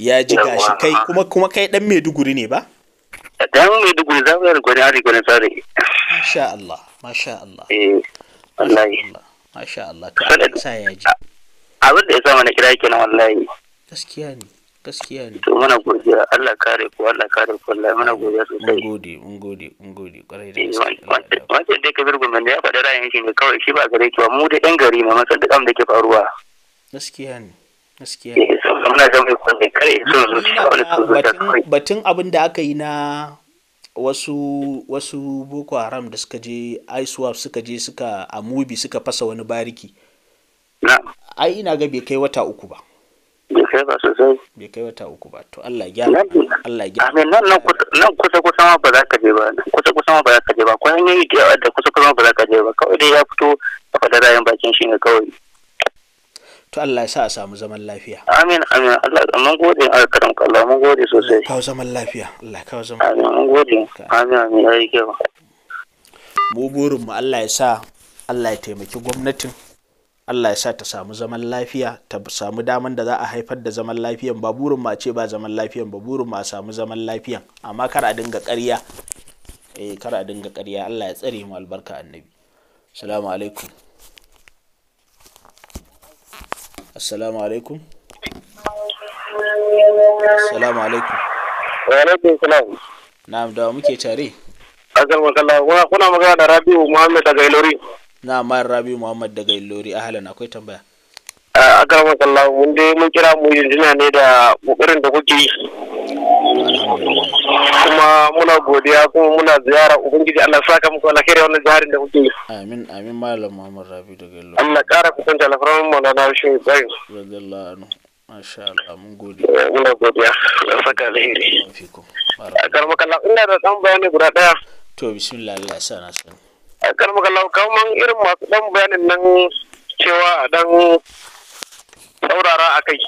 ya ji gashi kai kuma kuma kai dan Maiduguri ne ba dan Maiduguri za mu gwani ari gwani sare masha Allah masha Allah eh wallahi masha Allah ta sa ya ji abin da ya sa mana kira kenan wallahi gaskiya ne gaskiya ne to muna godiya Allah kare ku Allah kare ku Allah muna godiya sosai mun gode mun gode mun gode kwarai da eh, gaske wancan dai zargo gombe ya faɗa ra'ayin shi ne kawai shi ba gare ki ba mu da ɗan gari ma mun san duk abin da ke faruwa gaskiya ne gaskiya ne eh, muna ga mai kwanda kare so zuciya wani batun abin da aka yi na wasu wasu boko haram da suka je iswap suka je suka mubi suka fasa wani bariki ai ina ga bai kai wata uku ba bai kai ba sosai bai kai wata uku ba to Allah ya Allah ya amin nan nan kusa kusa ma ba za ka je ba kusa kusa ma ba za ka je ba ko hanyoyi da yawa da kusa kusa ma ba za ka je ba kawai dai ya fito a fada rayan bakin shi ne kawai to Allah ya sa a samu zaman lafiya amin amin Allah mun gode a karam Allah mun gode sosai kawo zaman lafiya Allah kawo zaman amin mun gode amin amin yayi kewa mu burin mu Allah ya sa Allah ya taimaki gwamnatin Allah ya sa ta samu zaman lafiya ta samu daman da za a haifar da zaman lafiyan ba burin ma ce ba zaman lafiyan ba burin ma samu zaman lafiyan amma kar a dinga ƙarya eh kar a dinga ƙarya Allah ya tsare mu albarka annabi assalamu alaikum assalamu alaikum assalamu alaikum wa alaikum salam na'am da muke tare azal makalla kuna magana da Rabiu Muhammad daga Ilori na Amar Rabi Muhammad daga ilori ahlan akwai tambaya. A garma Allah mun dai mun kira mu jinjina ne da kokarin da kuke yi. Kuma muna godiya kuma muna ziyara Ubangiji Allah saka muku alheri wannan jaharin da kuke yi. Amin amin Malam Muhammad Rabi daga ilori Allah kara kusanta da na shi bai Radiyallahu anhu. Masha Allah mun gode. Eh, muna godiya. Allah saka alheri. A garma Allah ina da dan bayani guda daya. To bismillah Allah ya sa na sani. kalmakalau kaman irin masu dan bayanin nan cewa a dan saurara a kai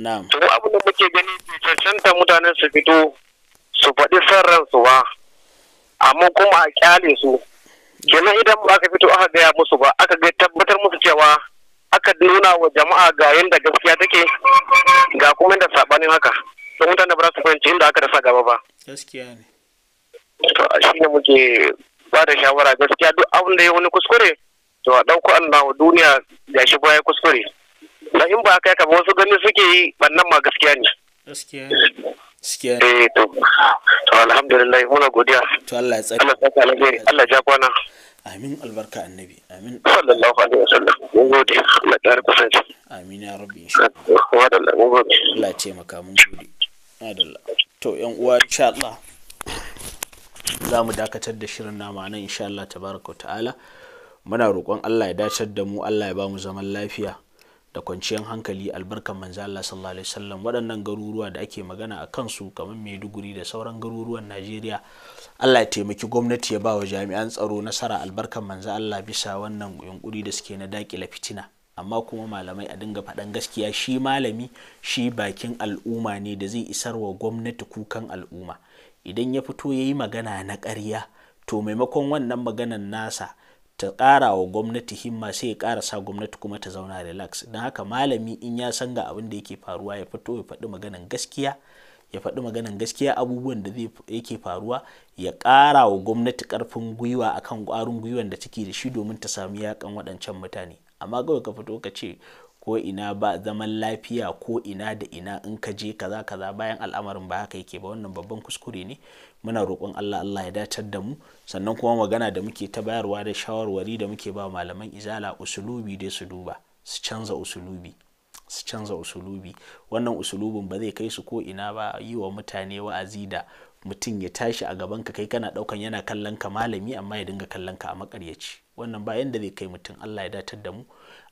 na'am to abin da muke gani bai cancanta mutanen su fito su faɗi san ransu ba amma kuma a kyale su kenan idan ba aka fito aka gaya musu ba aka ga tabbatar musu cewa aka nuna wa jama'a ga yadda gaskiya take ga kuma da saɓanin haka don mutane ba za su fahimci inda aka rasa gaba ba gaskiya ne ba da shawara gaskiya duk abin da ya wani kuskure to a ɗauko Allah duniya ya shi baya kuskure dan in ba kai ka ba wasu gani suke yi bannan ma gaskiya ne gaskiya ne eh to to alhamdulillah muna godiya to Allah ya tsare Allah ya tsare Allah ya kwana amin albarka annabi amin sallallahu alaihi wasallam mun gode Allah ya ƙara kusanci amin ya rabbi insha Allah Allah ya taimaka mun gode Allah to yan uwa insha Allah za mu dakatar da shirin nama nan insha Allah tabaraka ta'ala muna roƙon Allah ya dacar da mu Allah ya ba mu zaman lafiya da kwanciyar hankali albarkan manzo Allah sallallahu alaihi wasallam waɗannan garuruwa da ake magana a kansu kamar Maiduguri da sauran garuruwan Najeriya Allah ya taimaki gwamnati ya ba wa jami'an tsaro nasara albarkan manzo Allah bisa wannan yunkuri da suke na dakile fitina amma kuma malamai a dinga faɗan gaskiya shi malami shi bakin al'umma ne da zai isar wa gwamnati kukan al'umma idan ya fito ya yi magana na ƙarya to maimakon wannan maganan nasa ta ƙara wa gwamnati himma sai ya ƙara sa gwamnati kuma ta zauna relax don haka malami in ya san ga abin da yake faruwa ya fito ya faɗi maganan gaskiya ya faɗi maganan gaskiya abubuwan da yake faruwa ya ƙara wa gwamnati ƙarfin gwiwa akan ƙwarin gwiwan da take da shi domin ta sami yakan waɗancan mutane amma kawai ka fito ka ce ko ina ba zaman lafiya ko ina da ina in ka je kaza kaza bayan al'amarin ba haka yake ba wannan babban kuskure ne muna roƙon Allah Allah ya dacar da mu sannan kuma magana da muke ta bayarwa da shawarwari da muke ba malaman izala usulubi dai su duba su canza usulubi su canza usulubi wannan usulubin ba zai kai su ko ina ba yi wa mutane wa'azi da mutum ya tashi a gaban ka kai kana daukan yana kallon ka malami amma ya dinga kallon ka a makaryaci wannan ba yanda zai kai mutum Allah ya datar da mu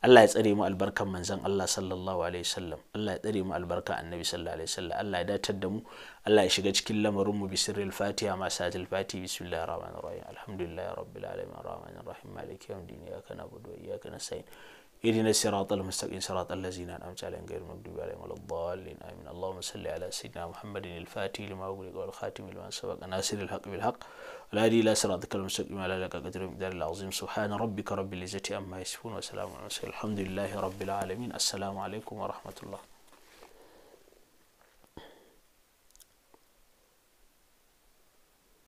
الله يتقري مع البركة من زن الله صلى الله عليه وسلم الله يتقري مع البركة النبي صلى الله عليه وسلم الله إذا تدمو الله يشجج كل ما رموا بسر الفاتحة مع ساعة الفاتحة بسم الله الرحمن الرحيم الحمد لله رب العالمين الرحمن الرحيم مالك يوم الدين إياك نعبد وإياك نستعين إهدنا الصراط المستقيم الله الذين أنعمت عليهم غير المغضوب عليهم ولا الضالين آمين اللهم صل على سيدنا محمد الفاتح لما أغلق والخاتم لما سبق ناصر الحق بالحق لا الهادي الى صراطك المستقيم على لك قدر مدار العظيم سبحان ربك رب العزه أما يصفون وسلام على الحمد لله رب العالمين السلام عليكم ورحمه الله